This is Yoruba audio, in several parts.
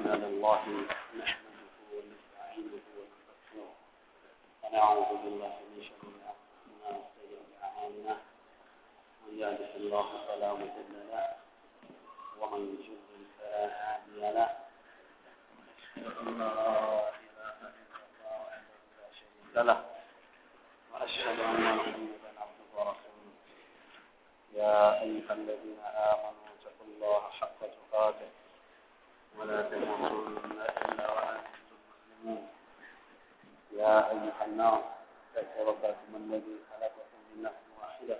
الحمد لله نحمده ونستعينه ونستغفره ونعوذ بالله من شرور انفسنا وسيئات اعمالنا من يهده الله فلا مضل له ومن يضلل فلا هادي له اشهد ان لا اله الا الله وحده لا شريك له واشهد ان محمدا عبده ورسوله يا ايها الذين امنوا اتقوا الله حق تقاته ولا تموتن إلا وأنتم مسلمون يا أيها الناس اتقوا ربكم الذي خلقكم من نفس واحدة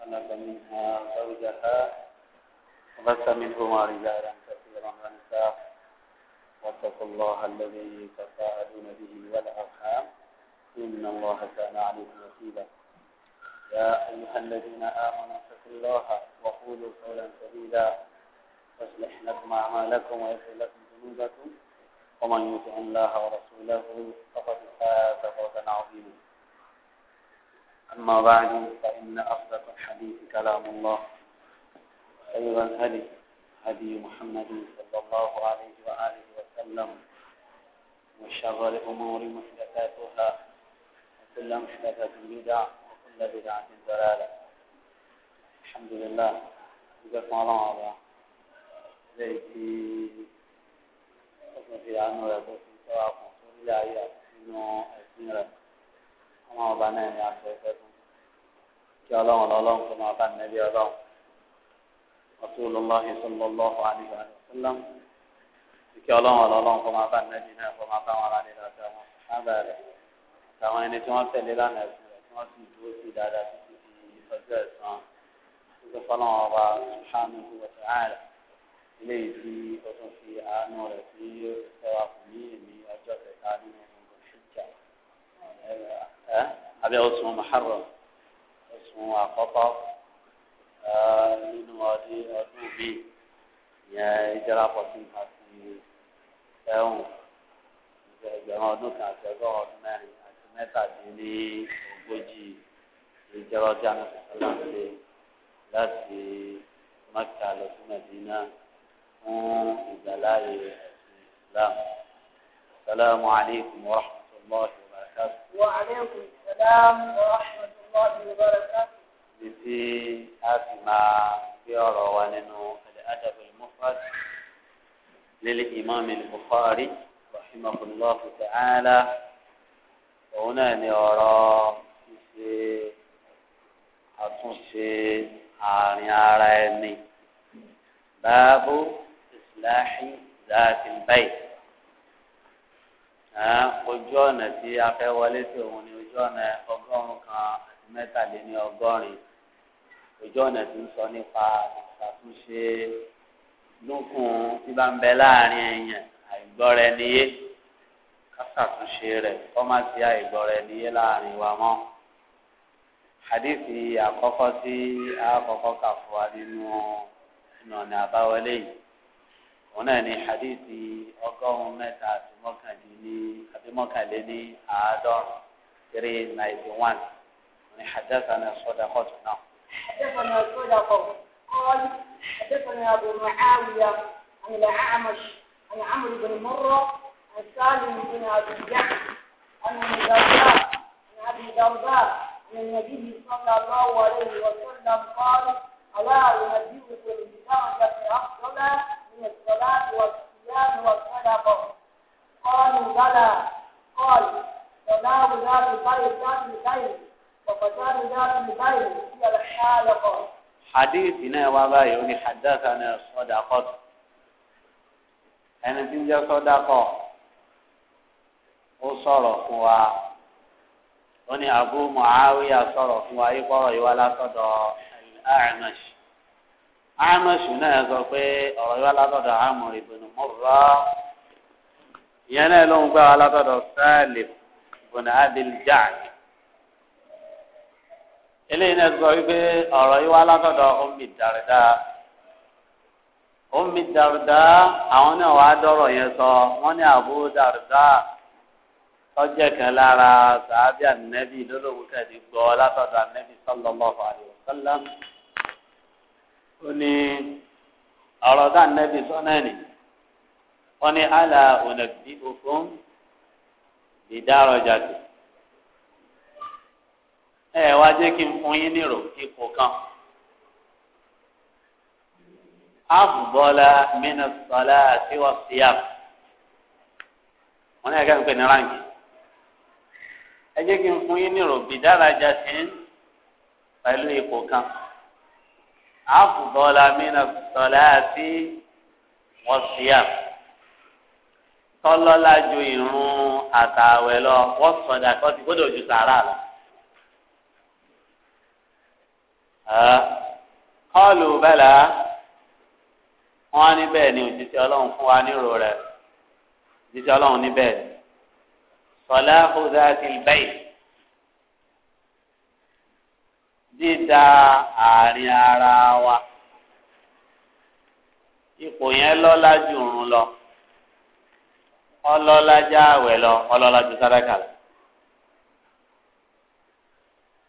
خلق منها زوجها وبث منهما رجالا كثيرا ونساء واتقوا الله الذي تساءلون به والأرحام إن الله كان عليكم رقيبا يا أيها الذين آمنوا اتقوا الله وقولوا قولا سديدا يصلح لكم أعمالكم ويغفر لكم ذنوبكم ومن يطع الله ورسوله فقد فاز فوزا عظيما أما بعد فإن أصدق الحديث كلام الله خير الهدي هدي محمد صلى الله عليه وآله وسلم وشر الأمور محدثاتها وكل محدثة بدعة وكل بدعة ضلالة الحمد لله جزاكم الله lẹ́yìn tí ọkùnrin fi àánú rẹ̀ tó fi tọ́ àpò sórílẹ̀ ayé àti sínú ẹ̀sìn rẹ̀ ọmọ ọba náà ní aṣọ ẹ̀fẹ́ fún kí ọlọ́run lọ́lọ́run kó máa bá nẹ́bí ọlọ́run Rasulullahi sallallahu alaihi wasallam kí ọlọ́run lọ́lọ́run kó máa bá nẹ́bí náà kó máa bá wọn rárẹ̀ dáadáa wọn sábà rẹ̀ àtàwọn ẹni tí wọ́n tẹ̀lé lánàá ẹ̀sìn rẹ̀ tí wọ́n sì dúró sí dáadáa títí di ọjọ́ ẹ̀san tó fọ́lọ́run ọba subhanahu wa léyìí tí ó tún fi àánú rẹ̀ tí ó sẹ́wà fún ní èmi ọjọ́ kẹta nínú ọgbọ̀n ṣíjà abẹ́ oṣù Muharram oṣù àkọ́kọ́ nínú ọdún ọdún bíi ìyẹn ìjọba fourteen àti ẹ̀hún ẹgbẹ̀rún ọdún kan àti ọgọ́rùn ọdún mẹ́rin àti mẹ́tàdínní ogójì ìjọba ọdún àti ọ̀sán láti láti Mẹ́kà lọ sí Mẹ́dínà fún ìgbàláyé ẹ̀sìn Islam. Assalamu alaikum wa rahmatullahi wa barakatuh. Wa alaikum salam wa rahmatullahi wa barakatuh. Bíbí a sì máa gbé ọ̀rọ̀ wa nínú Al-Adab al-Mufrad lil Imam al-Bukhari rahimahullahu ta'ala. Òun náà ni ọ̀rọ̀ ṣíṣe àtúnṣe àárín ara ẹni báàbò ìsìláhì ذات البيت. ojú ọ̀nà tí a fẹ́ wọlé sí òun ni ojú ọ̀nà ọgọ́rùn-ún kan àti mẹ́tàléní ọgọ́rin ojú ọ̀nà tí ń sọ nípa ìṣàtúnṣe lókun tí bá ń bẹ láàrin èèyàn àìgbọ́ra ẹniyé rẹ̀ kọ́ má láàrin wa mọ́ hadithi àkọ́kọ́ tí a kọ́kọ́ kà fún wa nínú ọ̀nà àbáwọlé yìí òun náà ní hadithi ọgọ́rùn-ún mẹ́ta àti mọ́kàndínní àti mọ́kànléní àádọ́rùn-ún three ninety one ní hadathana sadaqah náà. hadathana sadaqah قال حدثنا أبو معاوية عن الأعمش عن عمرو بن مرة عن سالم بن أبي جعفر عن الدرداء عن أبي الدرداء عن النبي صلى الله عليه وسلم قال ألا أنبئكم بتركة أفضل من والصيام والصدقة قالوا بلى قال صلاة ذات البيت ذات البيت وفتان ذات البيت هي الحالقة حديثنا وابا يوني حدثنا الصدقة ẹni tí ń jẹ́ sọ́dákọ̀ ó sọ̀rọ̀ fún wa ó ní Abu Muawiya sọ̀rọ̀ fún wa yíkọ́rọ̀ yìí wá látọ̀dọ̀ Al-A'mash amọ̀sù náà sọ pé ọ̀rọ̀ yóò látọ̀dọ̀ àmọ̀ ìbùnú mọ̀rọ̀ ìyẹn náà ló ń gbà wá látọ̀dọ̀ sálẹ̀ ìbùnú adìljáàk eléyìí náà sọ wípé ọ̀rọ̀ yóò látọ̀dọ̀ omi dàrídà omi àwọn náà wàá dọ̀rọ̀ yẹn sọ wọ́n ní àbú tọ́jẹ́ kan lára sàábíà nẹ́bí lólobó kẹ́ẹ̀dì gbọ́ látọ̀dọ̀ nẹ́bí ó ní nẹ́bí sọ́nà ni wọ́n ní àlà ònàbí òfin ìdárọjà tó ẹ wá jẹ́ kí n fún yín nírò ipò kan afubọla mina sọlá àti wàsíyàm wọ́n ní ẹgbẹ́ ń pè ní ránkì ẹ jẹ́ kí n fún yín nírò bìdárọjà pẹ̀lú ipò kan. أفضل من الصلاة والصيام. wọ́síà tọ́lọ́lá ju ìrun àtàwẹ̀ lọ wọ́n sọ̀dà kọ́ ti gbọ́dọ̀ ju sàrà lọ. kọ́ọ̀lù bẹ́là wọ́n á níbẹ̀ ni òjíṣẹ́ ọlọ́run fún wa nírò rẹ̀ òjíṣẹ́ ọlọ́run níbẹ̀ sọ̀lá kó dáa ti dídá àárín ara wa ipò yẹn lọ́lá ju òrùn lọ ọlọ́lá já àwẹ̀ lọ ọlọ́lá ju sàdákà lọ.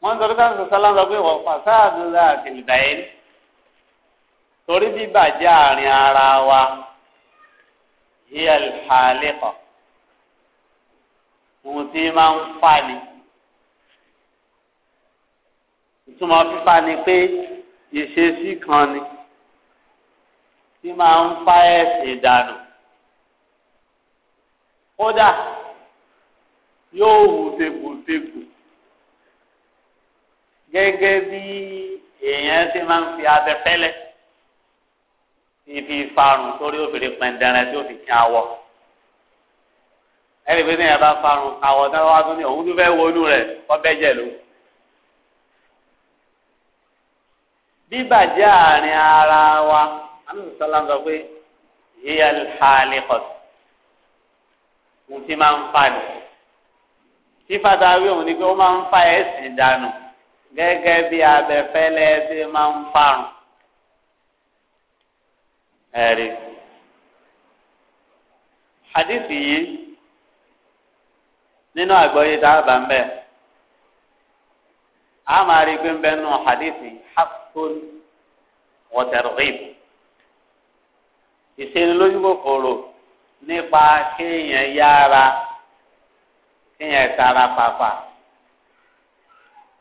wọ́n sọ pé káwọn sọ sálá pé wọ́n fà sáàdù láti ìgbà yẹn torí bíbàjẹ́ àárín ara wa yíyá ìhàlẹ́ kọ̀ ohun tí máa ń fà ni ìtumọ̀ fífa ni pé ìṣesí kan ni tí máa ń fa ẹ̀sìn dànù kódà yóò wù tegbòtegbò gẹ́gẹ́ bí èèyàn ti máa ń fi abẹfẹ́lẹ́ ìfi farun sórí obìnrin pẹ̀ndẹ̀rẹ̀ tí ó fi kí awọ ẹ̀rí pé ní ẹ̀ bá farun awọ náà wá tún ní òun tó fẹ́ wọnú rẹ̀ kọ́ bẹ́jẹ̀ lóhùn. bíbàjẹ́ àárín ara wa anúsọ̀lá sọ pé ìyá ìhàlẹ̀ kọ̀tù mo ti máa ń fa ni sífàtà wí òun ni pé ó máa ń fa ẹ̀sìn dànù gẹ́gẹ́ bí abẹ́fẹ́lẹ́ ṣe máa ń farun ẹ̀rí hadisi yìí nínú àgbọ́yé tá ń bẹ̀ a máa rí i pé ń bẹ nù hadithi hafun wọtẹrìb ìṣenilójúkòkòrò nípa kéèyàn yára kéèyàn tara pàpà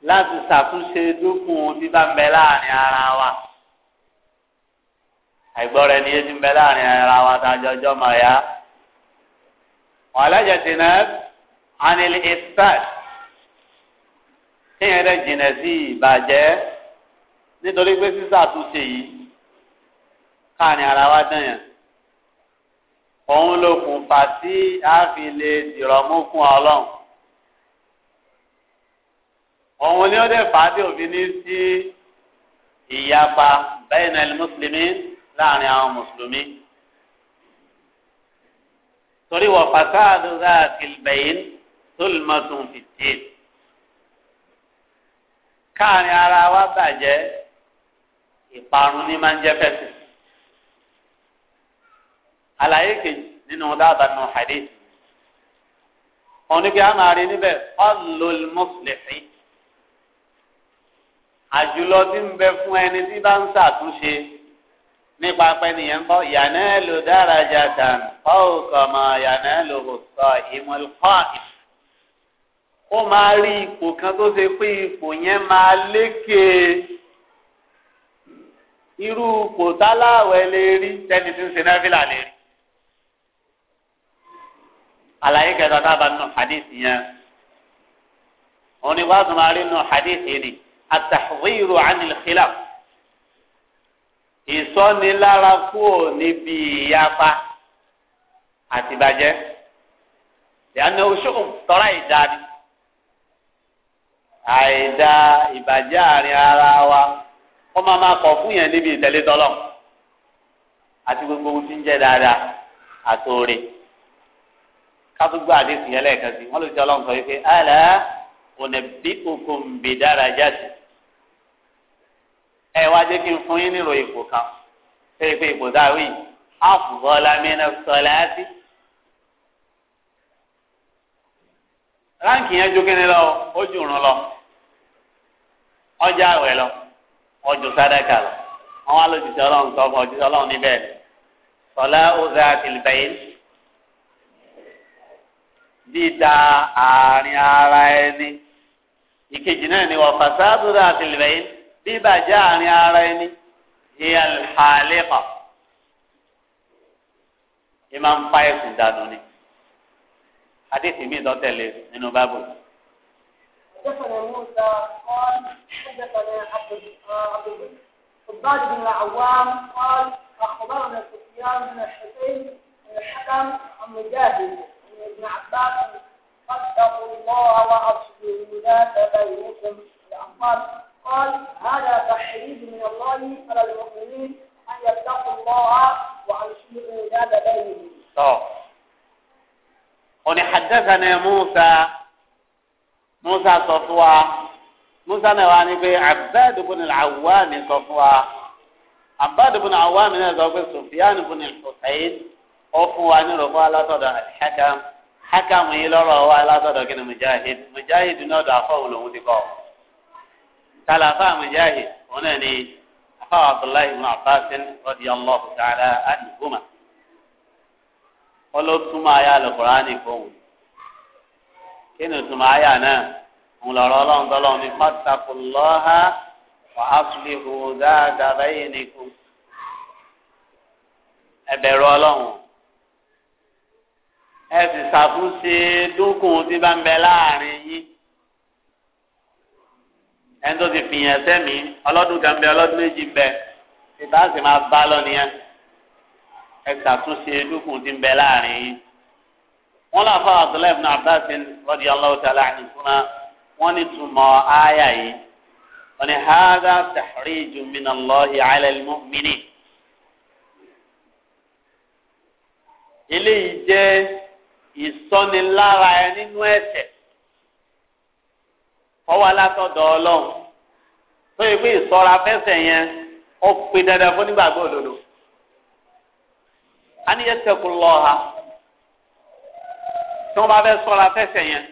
láti ṣàtúnṣe dúkùn bíbá ń bẹ láàrin ara wa àìgbọ́ra ẹni yéé ti ń bẹ láàrin ara wa tá a jọ jọ ya. wàhálà jẹ̀ náà anil ifsad kéèyàn rẹ jìnà sí ìbàjẹ́ nítorí pé sísàtúnṣe yìí káàní ara wa dẹ̀yàn òun ló kùn fà tí a fi lè dìrọ̀mú fún ọlọ́run òun ni ó dẹ̀ fà á tí òfin ní sí ìyapa bẹ́ẹ̀nà mùsùlùmí láàrin àwọn mùsùlùmí torí wọ́n fàtàdúrà tìlbẹ̀yìn tó lè mọ̀ tó ń fi tiẹ̀ káàrin ara wa bàjẹ́ ìparun ní máa ń jẹ́ fẹ́sì. àlàyé kejì nínú dábàá nù hadith òun ni pé a máa rí níbẹ̀ ọ̀lùl mùsùlùmí àjùlọ tí ń bẹ fún ẹni tí bá ń ṣàtúnṣe nípa pẹ́niyẹn ń bọ́ yànnẹ́ lò dára jà dàn fọ́ọ̀kọ̀ mọ́ yànnẹ́ lò hùsọ̀ ìmọ̀lùkọ́ ìfẹ́ ó máa rí ipò kan tó ṣe pé ipò yẹn máa lékè irú ipò táláwẹ̀ lè rí tẹ́ni tí ń ṣe náfìlà lè rí. àlàyé kẹta tábà nù hadith yẹn òní wàá tún máa rí nù hadith yìí ni àtàwíìrù anil khilaf ìsọ́nilára kúò níbi ìyapa àtìbàjẹ́ ìyànà oṣù tọ́ra ìdáni. àìda ìbàjẹ́ àárín ara wa kó máa máa kọ̀ fún yẹn níbi ìtẹ̀lé tọ́lọ̀ àti gbogbo ohun tí ń jẹ́ dáadáa àtòrè kátúgbà àdéhùn yẹn lẹ́ẹ̀kan sí wọ́n lè jẹ́ ọlọ́run sọ wípé bi darajati ẹ wá jẹ́ kí n fún yín nírò ipò kan ṣé ipò ipò ránkì yẹn jókè ní lọ. ọjà àwẹ̀ lọ ọjọ́ sádàkà lọ àwọn alòjìṣẹ Ọlọ́run sọ fún ọjọ́ Ọlọ́run níbẹ̀ sọlá ọzà tìlìbẹyìn dídá àárín ara ẹni ìkejì náà ni wọn fàṣàdúrà tìlìbẹyìn bíbàjẹ́ àárín ara ẹni ìyá àlèkọ ìmọ̀ ń dànù ni adé tèmi dọ́tẹ̀lẹ̀ nínú bábùlù. حدثنا موسى قال حدثنا عبد عبد الضاد بن العوام قال اخبرنا سفيان بن الحسين بن الحكم عن مجاهد عن ابن عباس فاتقوا الله واصلحوا ذات بينكم الانصار قال هذا تحريض من الله على المؤمنين ان يتقوا الله واصلحوا ذات بينهم. اه. حدثنا موسى musa sọ fún wa musa náà wà ní pé abed bin awami sọ fún wa abed bin awami náà sọ pé sofiyan bin al-husayn ó fún wa ní rògbò alátọ̀dọ̀ al-hakam hakam yìí lọ́rọ̀ wa alátọ̀dọ̀ kí mujahid mujahid náà dọ̀ afọ́ òun ti kọ́ kàlàfà mujahid òun ni afọ́ abdullahi ibn abbas radiyallahu ta'ala anhuma olótùmọ̀ ayé alukùránì fún un inú ìtumọ̀ àyà náà ńlọrọ ọlọ́run tọ́lọ́run ní pátákùlọ́há wà á fi hù dáadáa báyìí nìkú ẹbẹ̀rù ọlọ́run ẹ sì ṣàtúnṣe dúkùn tí bá ń bẹ láàrin yín ẹni ti fìyàn sẹ́mi ọlọ́dún kan bẹ ọlọ́dún méjì bẹ ìbáṣe máa bá lọ nìyẹn ẹ ṣàtúnṣe dúkùn tí ń bẹ láàrin yín. wọn là fà abdullahi ibn abbas radiyallahu ta'ala anhuma wọn ni tùmọ̀ wọn ni hada tahrijun min Allahi ala al eléyìí jẹ́ ìsọnilára ẹ nínú ẹ̀ṣẹ̀ ọwọ́ alátọ̀dọ̀ ọlọ́run tó yẹ pé ìsọra fẹsẹ̀ yẹn ó pe dandan fún nígbàgbọ́ òdodo. a ní yẹ tí wọ́n bá fẹ́ sọ́ra fẹ́sẹ̀ yẹn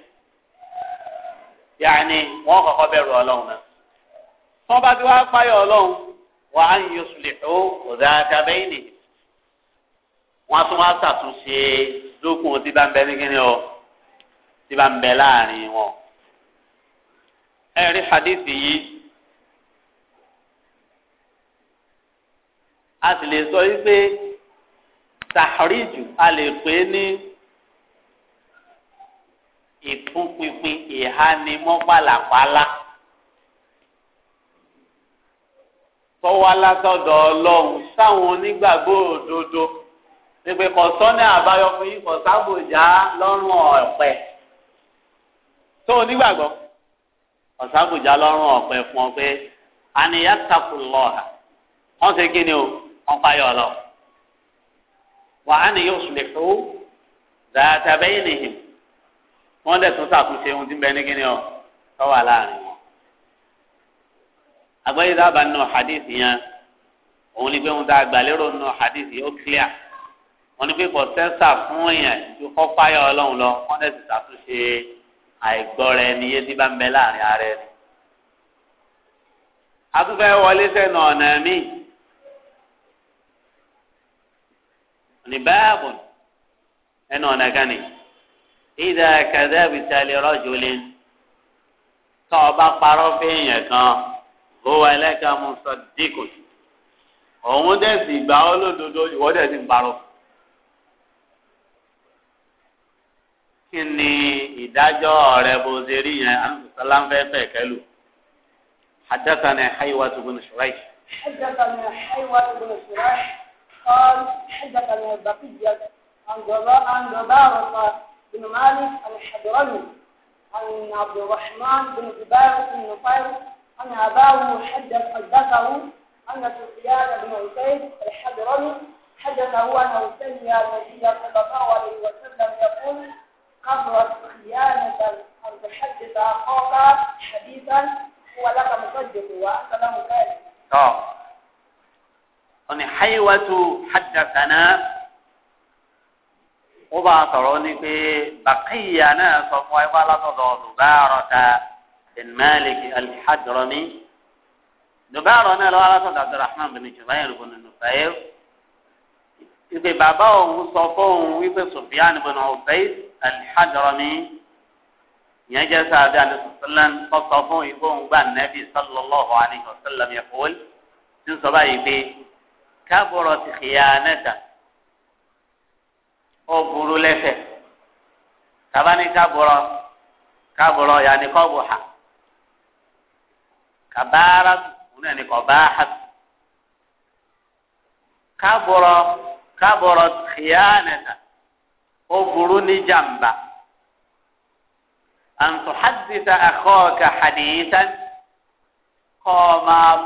yàní wọ́n kọ́kọ́ bẹ̀rù ọlọ́run náà tí wọ́n bá ti wá páyọ̀ ọlọ́run wà á yin sùlẹ̀tò ọ̀dà àtàbẹ́yìn nìyí wọ́n á tún wá ṣàtúnṣe lókun tí bá ń bẹ ní o tí bá ń bẹ láàrin wọn. ẹ̀rí hadithi yìí a sì lè sọ wípé tàhríjù a lè pè é ní. ìfúnpinpin ìhánimọ́pàlàpàlà tọ́wá látọ̀dọ̀ ọlọ́run sáwọn onígbàgbọ́ òdodo pípẹ́ kọ̀sọ́nà àbáyọ fún yín kọ̀sábòjá lọ́rùn ọ̀pẹ tó onígbàgbọ́ kọ̀sábòjá lọ́rùn ọ̀pẹ fún ọ pé àníyá wọ́n ṣe kí ni o wọ́n payọ̀ lọ. yóò sùn lè fún dàtàbẹ́yìn nìyí. wọ́n dẹ̀ tún ṣàtúnṣe ohun tí ń bẹ ní kíni ọ tọ́wà láàrin wọn. àgbáyé dábàá nínú hadith yẹn òun ni pé ohun tá a gbà lérò nínú hadith yìí ó clear wọ́n ní pé kò sẹ́sà fún èèyàn ju kọ́ fáyọ̀ ọlọ́run lọ wọ́n dẹ̀ sì ṣàtúnṣe àìgbọ́ra ẹni yé tí bá ń bẹ láàrin ara ẹni. atúfẹ́ wọlé sẹ́nu ọ̀nà mi ní báàbù ẹnu ọ̀nà kan nìyí ìdá kàdábì sálẹ̀ rọ́jò lé tọ́ ọ bá parọ́ fẹ́yìn kan ó wà ẹlẹ́ka musa díkò òun dẹ̀ sì gbà ọ́ lódodo ìwọ dẹ̀ sì ń parọ́. kí ni ìdájọ́ ọ̀rẹ́ bó ṣe rí yẹn àǹtọ̀sálá ń fẹ́ fẹ́ kẹ́lù. حدثنا حيوة بن شريح حدثنا حيوة بن شريح قال حدثنا بقية عن جبارة بن مالك الحضرمي عن عبد الرحمن بن جبار بن نفير عن أباه حدث حدثه أن سفيان بن عتيب الحضرمي حدثه أنه سمع النبي صلى الله عليه وسلم يقول قبلت خيانة أن تحدث أخاك حديثا هو لك مصدق وأنت له كاذب. آه. أن حيوة حدثنا wọ́n bá sọ̀rọ̀ ní pé bàkìyà náà sọ fún wa wá látọ̀dọ̀ dùbárọ̀ta ìmáàlìkì alìhàjọ́rọ̀mí dùbárọ̀ náà lọ́wọ́ látọ̀dọ̀ abdulrahman bin jubair bin nufair ìpè bàbá òun sọ fóun wípé sofiyan bin ubaid alìhàjọ́rọ̀mí yẹn jẹ́ sáà bí anisọ̀sọ́lán ọ̀sọ̀ fún ìgbóhùn gbà nẹ́bí sọlọ́lọ́hu alayhi wa sallam yẹ kúl tí ń sọ báyìí pé káàbọ̀rọ̀ ti kìyà náà ó burú lẹ́sẹ̀ tabani kábọ̀rọ̀ kábọ̀rọ̀ yanni kọ́ bù ha kabaara òun náà ni kọ́ bá ha kábọ̀rọ̀ kábọ̀rọ̀ kìyànẹ́ta ó burú ní jàmbá àǹtò hadìsá àkọ́ọ̀kà hadìsá kọ́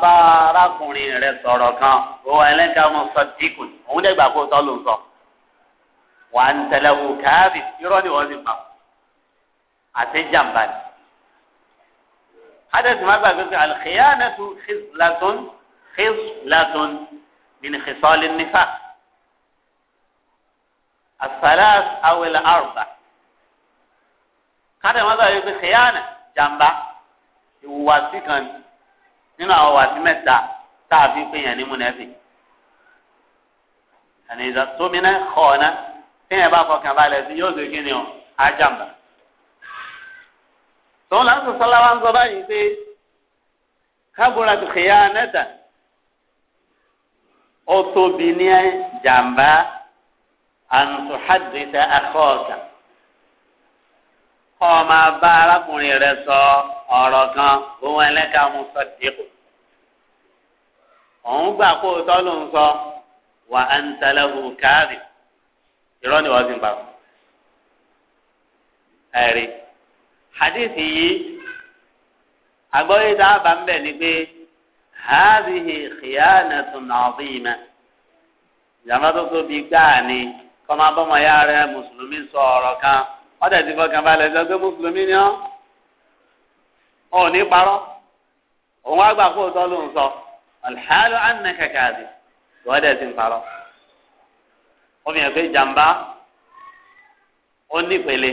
kan òun ẹlẹ́ka mọ̀ sọ́díkùn òun dẹ́gbàá kó tọ́ ló ń sọ. wà á ń tẹ̀lé wò káàbì irọ́ ni wọ́n ti pa àti jàmbá ni. hadasi má gbàgbé pé alxiyanatu xislatun xislatun min xisọ́lì nífà asalas awil arba kádà má gbàgbé pé xiyana jàmbá ìwùwàsí kan nínú àwọn wàsí mẹ́ta tá a fi pè yàn ní múnẹ́fì. يعني إذا اؤتمن خان kéèyàn bá fọkàn balẹ̀ sí yóò ṣe kíni o ajàmbá. tòun láti sọlá wa ń sọ báyìí pé kábùrà tó kéèyàn nẹ́ta ó tóbi ní jàmbá àǹtòhádìsẹ akọ́ọ̀kan kọ́ ọ máa bá arákùnrin rẹ sọ ọ̀rọ̀ kan òun ẹlẹ́ka mu sọ dìbò òun gbà kó o ń sọ wà á ń tẹlẹ́hùn káàdì irọ́ ni wọ́n ti ń pa ẹ̀rí hadith yìí agbọ́yé tá a bá ń bẹ̀ ni pé hadhihi khiyanatun azima ìjàmbá tó tóbi gbáà ni kọ́má bọ́mọ ya rẹ̀ mùsùlùmí sọ ọ̀rọ̀ kan wọ́n tẹ̀ ti fọkàn balẹ̀ sọ pé mùsùlùmí ni ọ́ ò ní parọ́ òun wá gbà kó o tọ́ ló ń sọ alḥalu annaka kadhib wọ́n tẹ̀ ti parọ́ obìnrin pé jàmbá ó ní ìpele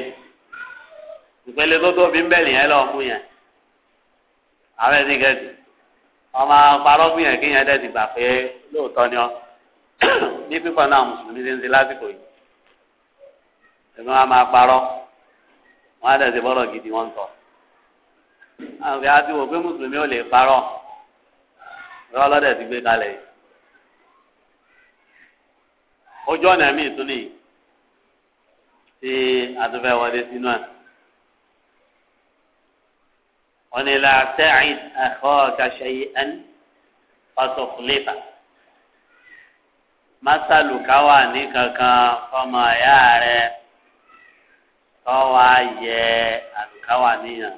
ìpele tó tóbi ń bẹ̀rẹ̀ yẹn lọ́ọ́ fún yẹn àwọn ẹni gẹ̀ẹ́dì ọmọ parọ́ fún yẹn kí yẹn dẹ̀ ti gbà pé lóòótọ́ ni ọ ní pípọ̀ náà mùsùlùmí ti ń ṣe lásìkò yìí ẹ̀gbọ́n wa máa parọ́ wọn á dẹ̀ ṣe bọ́lọ̀ gidi wọn sọ àwọn ìyá ti wò pé mùsùlùmí ò lè parọ́ rọ́ ti gbé kalẹ̀ yìí ojú ọ̀nà mi tún nìyí tí àtúfẹ́ wọlé sínú ẹ̀. wọ́n ní la ta'id akhaka shay'an fatukhlifa masaluka wà ní kankan fọmọ ẹ̀yà rẹ̀ kọ́ wa yẹ àlùkà wà níyàn.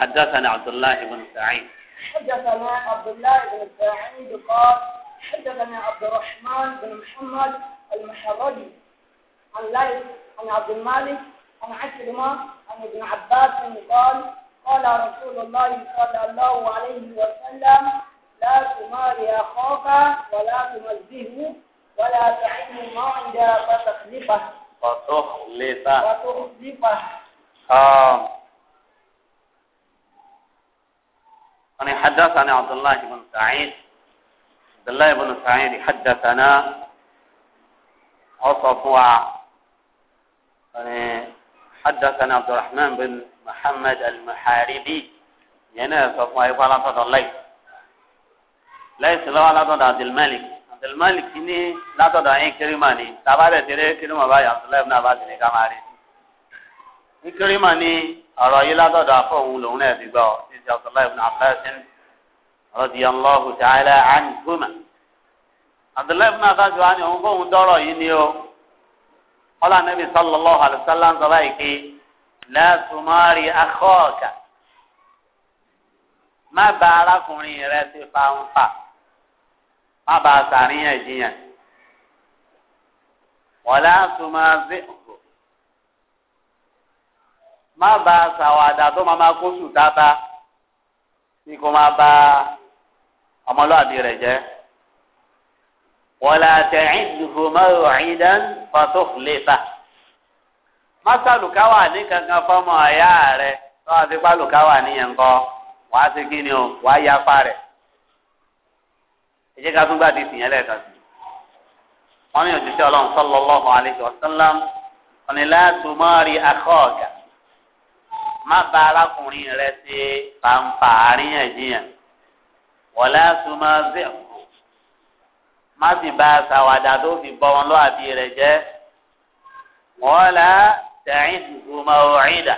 حدثنا عبد الله بن سعيد حدثنا عبد الله بن سعيد قال حدثني عبد الرحمن بن محمد المحرجي عن ليث عن عبد المالك عن عكرمة عن ابن عباس قال قال رسول الله صلى الله عليه وسلم لا تماري أخاك ولا تمزه ولا تعين عند فتخلفه فتخلفه فتخلفه آه. أنا حدثني عبد الله بن سعيد عبد الله بن سعيد حدثنا عصف يعني حدثنا عبد الرحمن بن محمد المحاربي ينا يعني عصف وعلى عبد الله ليس له على عبد الملك عبد الملك إني لا تضع أي كريماني تبارك تري كريما باي عبد الله بن عباس نكاماري كريماني أرى إلا تضع فوق لونه ببعض إذا عبد الله بن عباس radiyallahu ta'ala anhuma abdullahi ibn abbas wa ni òun kóun dọ́rọ̀ yìí ni o ọlá nabi sallallahu alayhi wa sallam sọ báyìí pé la tumari akhaka má bá arákùnrin rẹ ti fa ń fà má bá sàríyànjiyàn wala tumazihu má bá sàwádà tó máa ma kó sùn dábàá ní kó máa bá ọmọlúwàbí rẹ̀ jẹ́ wọlé àtẹ̀yìndùfọ̀mọ́ ìdán fàtófìlẹ́fà mọ́sálùkáwà ní kankan fọmọ ọ̀yá rẹ̀ tọ́wọ́ ti pálùkáwà níyẹn kọ́ wàá ti kí ni o wàá yapa rẹ̀ ẹ jẹ́ ká tún gbàdí ìsìnyẹn lẹ́ẹ̀kan sí wọ́n ní òjíṣẹ́ ọlọ́run sallallahu alaihi wasallam wọ́n ní látùmọ́rì akọ́ọ̀gà má bá arákùnrin rẹ ṣe fàǹfà àríyànjiyàn wọlé asoma zẹ má sì bá a sàwádà tó fi bọ wọn lọ àbí rẹ jẹ wọlé tẹ̀yìn dùgbò máa wọ ẹ̀yìndà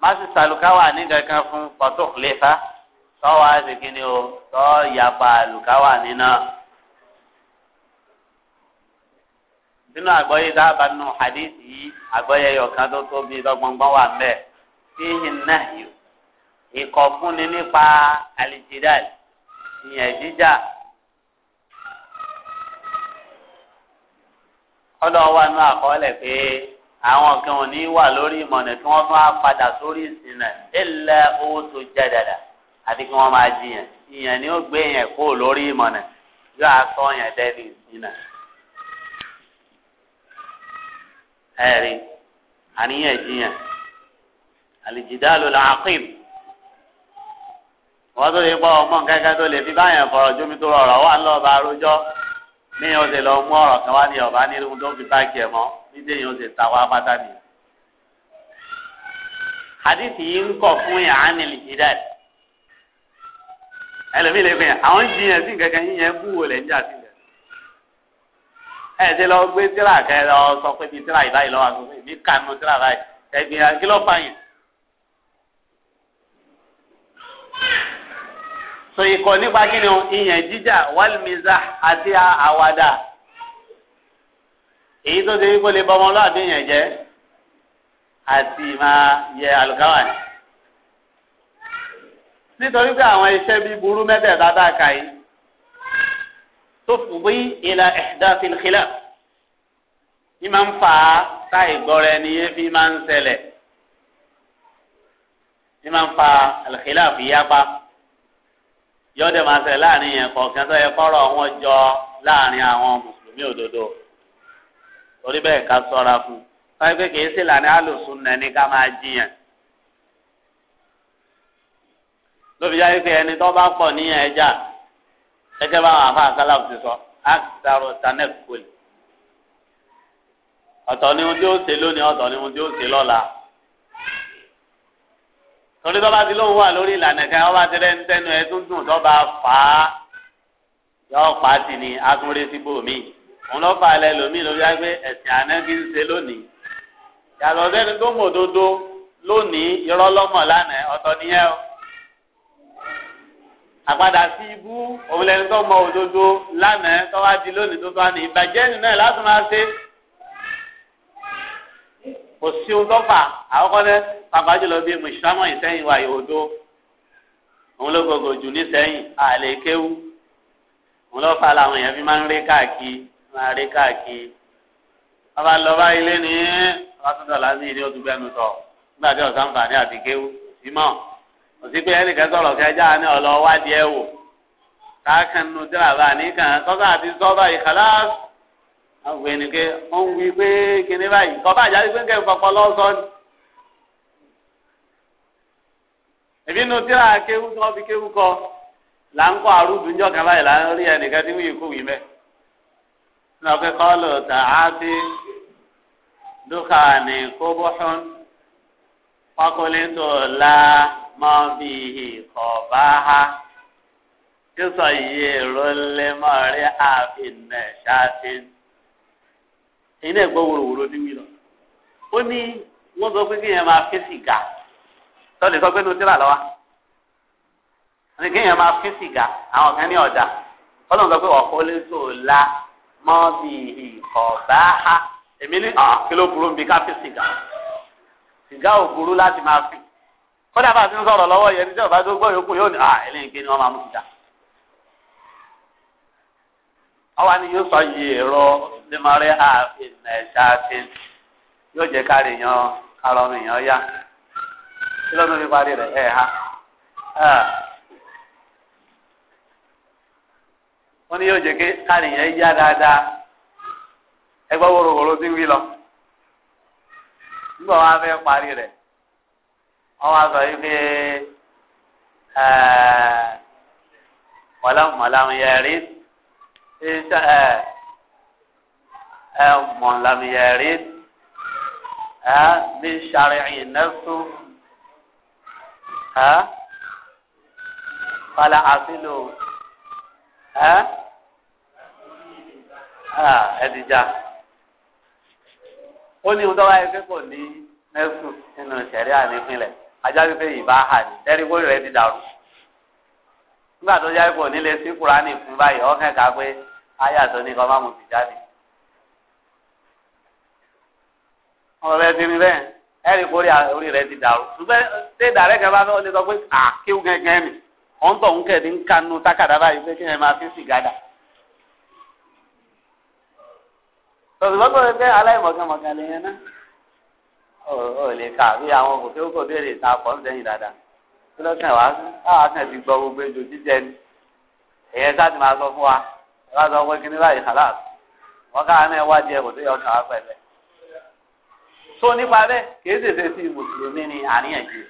má sì sàlùkáwà ní kankan fún pọtò lẹfà tọwọ àṣekínni o tọ yàpá àlùkáwà nínà. nínú àgbọ̀yé dábàá nínú hadith yìí àgbọ̀yé yọ̀kan tó tóbi lọ́gbọ̀ngbọ̀n wà mẹ́ẹ̀ fíhìn náà yìí ìkọ̀fúnni nípa àlìjídáàlì ìyẹn jíjà ọlọ́ wa nú àkọọ́lẹ̀ pé àwọn kan ò ní wà lórí ìmọ̀nà tí wọ́n tún á padà sórí ìsìn náà ilẹ̀ owó tó jẹ́ dàdà àti kí wọ́n máa jiyàn ìyẹn ni ó gbé yẹn kó lórí ìmọ̀nà yóò á yẹn dẹ́ni ìsìn náà. ẹ̀rí àníyàn jiyàn àlìjìdá ló wọ́n tó lè gbọ́ ọmọ nǹkankan tó lè fi báyẹn fọ̀rọ̀ jómi tó rọrọ̀ wà ń lọ bá arójọ́ ní yẹn ó sì lọ mú ọ̀rọ̀ kan wá ní ọ̀bá ní irun tó ń fi báàkì ẹ̀ mọ́ ní dé yẹn ó sì ta wá pátá ni àdìsí yìí ń kọ̀ fún yàn án ní lìjìdá ẹ̀ ẹlòmíì lè fi hàn àwọn jiyàn sí nǹkankan yíyan bú wò lẹ̀ ń jà sí ilẹ̀. ẹ ṣe lọ gbé tíra kẹ lọ sọ pé bíi tíra ìbáyìí lọ́wọ́ àgbẹ̀ mi kà nù tíra báyìí so ikọ̀ nípa kí ni o ìyẹn jíjà wàlmíza àti àwàdà èyí tó ṣe wípé lè bọ́ ọmọlúwàbí yẹn jẹ́ àti máa yẹ àlùkáwà ni. nítorí pé àwọn iṣẹ́ bíi burú mẹ́tẹ̀ẹ̀ta tá a yìí tó fòbí ìlà ihdathil khilaf ní máa ń fà á tá ìgbọ́ra ẹni yé fi máa ń ṣẹlẹ̀ ní máa ń fa al-khilaf fi yọ̀ọ́dẹ̀ máa ṣẹlẹ̀ láàrin yẹn kọ̀ọ̀kan tó yẹ kọ́rọ̀ wọn jọ láàrin àwọn mùsùlùmí òdodo torí bẹ́ẹ̀ ká sọ́ra fún un pé kìí sí lànà àlùsùn ní ká máa jiyàn lóbi jáde pé ẹni tó bá pọ̀ níyàn ẹja báwọn ti ni ohun tí ó ni ohun tí torí tọ́ba ti lóun wà lórí ìlànà kan ọba ti rẹ̀ ń tẹnu ẹ̀ tún dùn tọ́ba fà á yọ pa tì ní akúnrẹ́ sí bòmí òun lọ́ọ́ fà á lẹ lòmí lórí wáyé ẹ̀sìn ànábì ń ṣe lónìí yàtọ̀ sẹ́ni tó mọ̀ òdodo lónìí irọ́ lọ́mọ̀ lánàá ọ̀tọ̀ nìyẹn o àpadà sí ibú òun lẹni tó mọ̀ òdodo lánàá tọ́wá di lónìí tó tọ́ ni ìbàjẹ́ nínú ẹ̀ látún máa ṣe kò sí ohun tó fà àkọ́kọ́ náà pàápàá jùlọ bí mùsùlámọ̀ ìsẹ́yìn wà yòódó òun ló gbogbo jù nísẹ́yìn àlè kéwú òun ló fa làwọn èèyàn fi máa ń rí káàkiri máa rí káàkiri wọ́n bá lọ bá ilé ní ọ̀làtúndọ̀ láti ilé oṣù bẹ́ẹ̀ nù tọ̀ nígbà tí ọ̀sán fàní àti kéwú símọ̀ òsì pé ẹnìkan sọ̀rọ̀ kẹjá ní ọ̀lọ́ wádìí ẹ̀ wò káàkiri nù dírà bá nìkan sọ́kà àti sọ́bà ìkàlá àwọn ènìké wọ́n wí pé kíní báyìí kọ́ ebi nu tíra kéwu tí wọn fi kéwu kọ là ń kọ àrùdù ńjọ kan báyìí là ń rí ẹnìkan tí wíyì kó wí mẹ nínú ọkẹ kọlù tà á ti dúkà ní kóbóhún fakoli tó la mọ bí ìkọ bá ha sísọ iye rọlẹ mọrí àfin náà ṣáàtì ẹyin náà gbọ́ wúrowúro níwí lọ ó ní wọn sọ pé kí yẹn máa fẹsí ga. tọ́lẹ̀ sọ pé ló tíra lọ́wọ́ ní kéèyàn máa fín sìgá àwọn kan ní ọ̀dà ọlọ́run sọ pé la mọ́ bí ìkọ̀bá ha èmi ní ah, kí ló burú bí ká fín sìgá sìgá ò burú láti máa fín kódà bá a ti ń sọ̀rọ̀ lọ́wọ́ yẹn tó sọ èrò lẹ́mọ̀rẹ́ yóò jẹ́ yan kárọ̀ mi yan yá. kí ló tó fi parí rẹ̀ ẹ̀ ha wọ́n ní yóò jẹ́ kí káàdìyàn yá dáadáa ẹgbẹ́ wòrowòro ti ń wí lọ nígbà wọn á fẹ́ parí rẹ̀ wọ́n wá sọ yìí pé mọ̀lámù yẹ̀rí mọ̀lámù yẹ̀rí bí sàrìyìn náà tún. ẹ́ fala àfilò ẹ́ ẹ̀dìjà ó ní ìwúdọ́wá ẹgbẹ́ kò ní mẹ́sù nínú ìṣẹ̀rí ànípínlẹ̀ ajá fífẹ́ yìí bá hà ní tẹ́rígbó nígbà tó jáde kò nílé sí kúránì fún báyìí ọ̀kẹ́ ká pé ayà ní ẹ̀rí kórè orí rẹ̀ ti dàrú ṣùgbọ́n ṣé ìdàrẹ́ kan bá fẹ́ ọ lè sọ pé àkéwù gẹ́gẹ́ mi ọ̀n tọ̀ ń kẹ̀dí ń kanu tákàdá báyìí pé kí ẹ máa fi sìgádà. tọ̀sùlọ́gbọ̀n rẹ̀ pé aláìmọ̀kànmọ̀kàn lè yẹn náà ó lè kà bí àwọn òkè òkò béèrè ta pọ̀ ń sẹ́yìn dáadáa kí lọ́kàn wá sí káwá kàn ti gbọ́ gbogbo ejò jíjẹ ni èyẹ sáà ti máa sọ fún wa ẹ bá sọ pé kí ní báyìí tó nípa bẹ́ẹ̀ kì í ṣèṣe sí mùsùlùmí ni àríyànjiyàn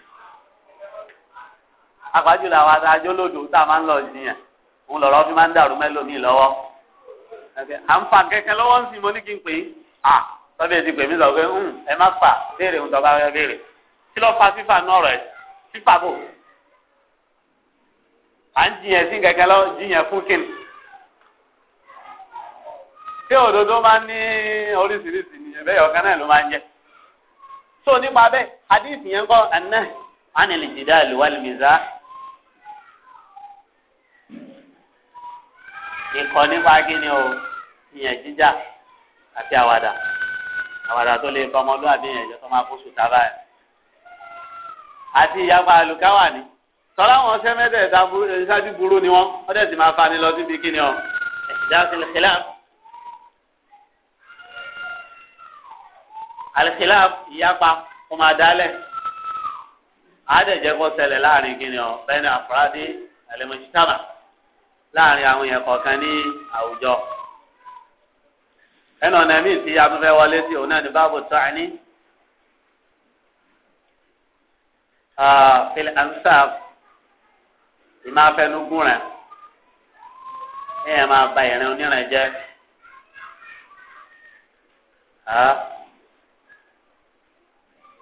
àpájùlọ àwọn adájọ́ lòdò tá a máa ń lọ jiyàn òun lọ̀rọ̀ fi máa ń dàrú mẹ́lòmíì lọ́wọ́ à ń fa kẹ́kẹ́ lọ́wọ́ ń sìn mo ní kí n pè é à tọ́bí ẹ ti pè mí sọ pé ẹ má fà béèrè ń tọ́ba ẹ béèrè kí ló fa fífà náà rẹ̀ fífà bò à ń jiyàn sí kẹ́kẹ́ lọ jiyàn fún kí ni tí òdodo máa ń ní oríṣiríṣi nìyẹn bẹ́ẹ̀ ọ̀kan náà ló máa ń jẹ́ so nípa bẹ́ẹ̀ hadith yẹn kọ́ àná anil jidal wal mizah. ìkọ́ nípa kíni o ìyẹn jíjà àti àwàdà àwàdà tó lè kọ́ ọmọlúwàbí yẹn jọ tó máa kó sùtà báyìí. àti ìyapa àlùkáwà ni tọ́lá wọn ṣẹ́ mẹ́tẹ̀ẹ̀ta ṣáájú burú ni wọ́n ọ́ dẹ̀ sì máa fani lọ síbi kíni o ẹ̀sìn dáhùn sílẹ̀ alikilaf ìyapa kó máa dálẹ̀ àádẹ́jẹ́ kó ṣẹlẹ̀ láàrin kí ni ọ bẹ́ẹ̀ ni àfúrádé ẹlẹ́mọ̀tìtàmà láàrin àwọn èèyàn kọ̀ọ̀kan ní àwùjọ. ẹnu ọ̀nà míì tí afẹ́fẹ́ wọlé sí òun náà ní báàbò tó àní. fílẹ̀ ansaf ìmọ̀ afẹnugún rẹ̀ ẹ̀yẹ̀ máa ba ìrìn onírìn jẹ́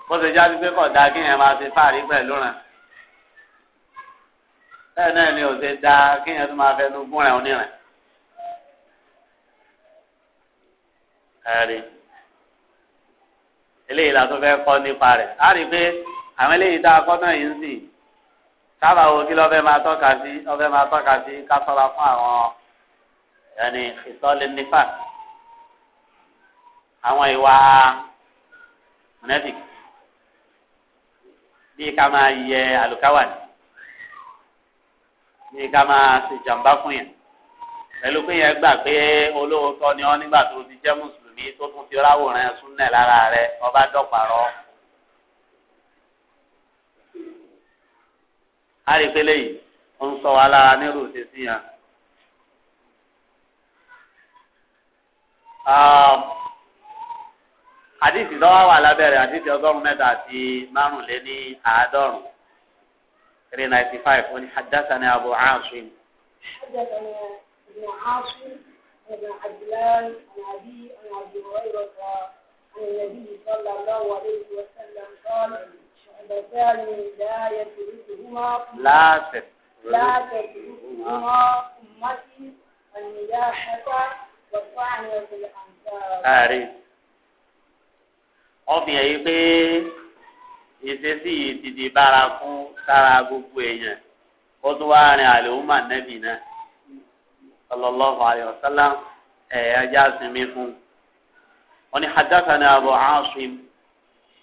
bó ṣe jáde pé kò dáa kí yẹn máa ṣe fáàrí pẹ̀lú rẹ̀ bẹ́ẹ̀ náà ni ò ṣe dáa kí yẹn tún máa fẹnu gún rẹ̀ onírẹ̀. ẹ̀rí eléyìí la tún fẹ́ kọ́ nípa rẹ̀ á rí i pé àwọn eléyìí tá a kọ́ náà yìí ń sìn sábà wo kí lọ́fẹ́ máa tọ́ka sí lọ́fẹ́ máa tọ́ka sí ká sọ́ra fún àwọn ẹni ìsọ́lẹ̀ nípa àwọn ìwà mọ̀nẹ́tìkì bíi ká máa yẹ àlùkáwà ni bíi ká máa ṣe jàǹbá fún yẹn pẹ̀lú pé yẹn gbà pé olóòótọ́ ni ọ́ nígbà tó ti jẹ́ mùsùlùmí tó tún fi ráwòrán súnẹ̀ lára rẹ ọba dọ̀pàrọ̀. àrífẹ́lẹ́ yìí ó ń sọ wa lára ṣe sí yẹn. Ah, àdìsí lọ́wọ́ wà lábẹ́rẹ́ àdìsí ọgọ́rùn-ún mẹ́ta àti márùnléní àádọ́rùn three ninety five wọ́n ní hadassani abu asim. hadassani abu asim ibn abdullahi anabi anabi النبي صلى الله عليه وسلم قال شهادتان لا يتركهما لا لا تتركهما أمتي النجاحة والطعن في الأنساب. ọ̀fìn yẹn yìí pé ìṣesí yìí ti di bárakú sára gbogbo èèyàn ó tún wá rin àlèhùnmá nẹ́bì náà alayhi wa sallam ẹ̀ sinmi fún wọn ni hadathana abu asim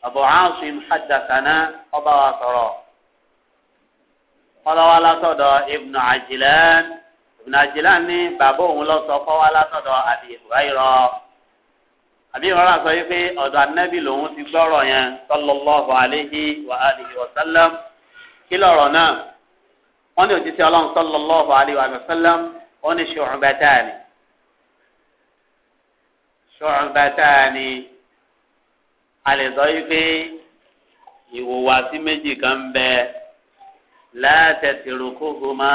abu asim hadathana ọba wa sọ̀rọ̀ wọn lọ wá ibnu ajilan ibnu ajilan bàbá òun lọ sọ fọwọ́ àbí ìrora sọ yìí pé ọ̀dọ̀ anábì lòun ti gbọ́rọ̀ yẹn sallallahu alayhi wa alihi wa sallam kí lọ̀rọ̀ náà wọ́n ní òjíṣẹ́ ọlọ́run sallallahu alayhi wa sallam wọ́n ní shu'batani shu'batani alẹ́ sọ yìí pé ìwòwàsí méjì kan bẹ la tatrukuhuma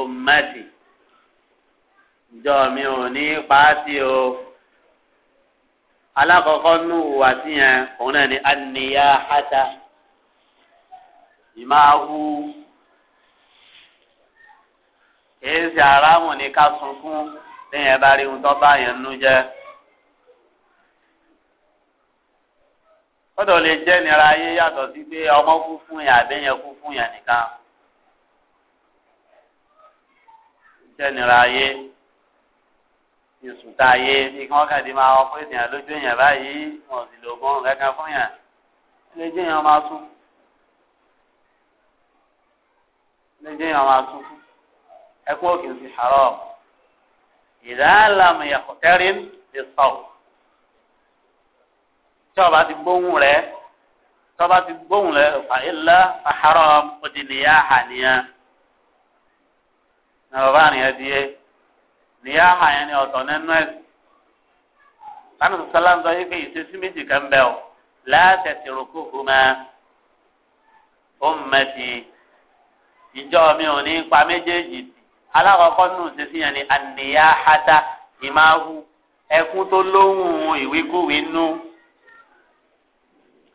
ummati ìjọ mi ò ní pàtì o alákọ̀ọ́kọ́ nù wà sí yẹn òun náà ni aniya hata ìmáhu èyí ṣe aráàmù ní ká sunkún lẹ́yìn ẹ bá rí ohun tó bá yẹn nú jẹ́. kọ́dọ̀ lè nira ayé yàtọ̀ sí pé ọmọ kú fún yàn àbẹ́yẹn kú fún yàn nìkan. nira ayé ìsùn tá a yé bí kí wọ́n kàn ti máa wọ pé èèyàn lójú èèyàn báyìí wọn sì lò gbọ́n kankan fún yàn lójú èèyàn máa sùn lójú èèyàn máa sùn ẹkún òkè sí haram ìdáàlámù yàtọ̀tẹ́rín lè sọ̀rọ̀ tí ọba ti gbóhùn rẹ̀ tí ọba ti gbóhùn rẹ̀ fàyílá haram òdìníyà hàníyà ní ọba àníyàn díẹ̀ níyàmà yẹn ni ọ̀tọ̀ nínú ẹ̀sìn kánú sọlá ń sọ yìí pé ìṣesí méjì kan bẹ́ ọ láàtẹ̀sí rúkú hùmẹ́ ó ń mẹ́tì ìjọ mi ò ní pa méjèèjì tì alákọ̀ọ́kọ́ nù ìṣesí yẹn ni àníyáhátá ìmáhu ẹkún tó lóhùn ìwíkúwìí nú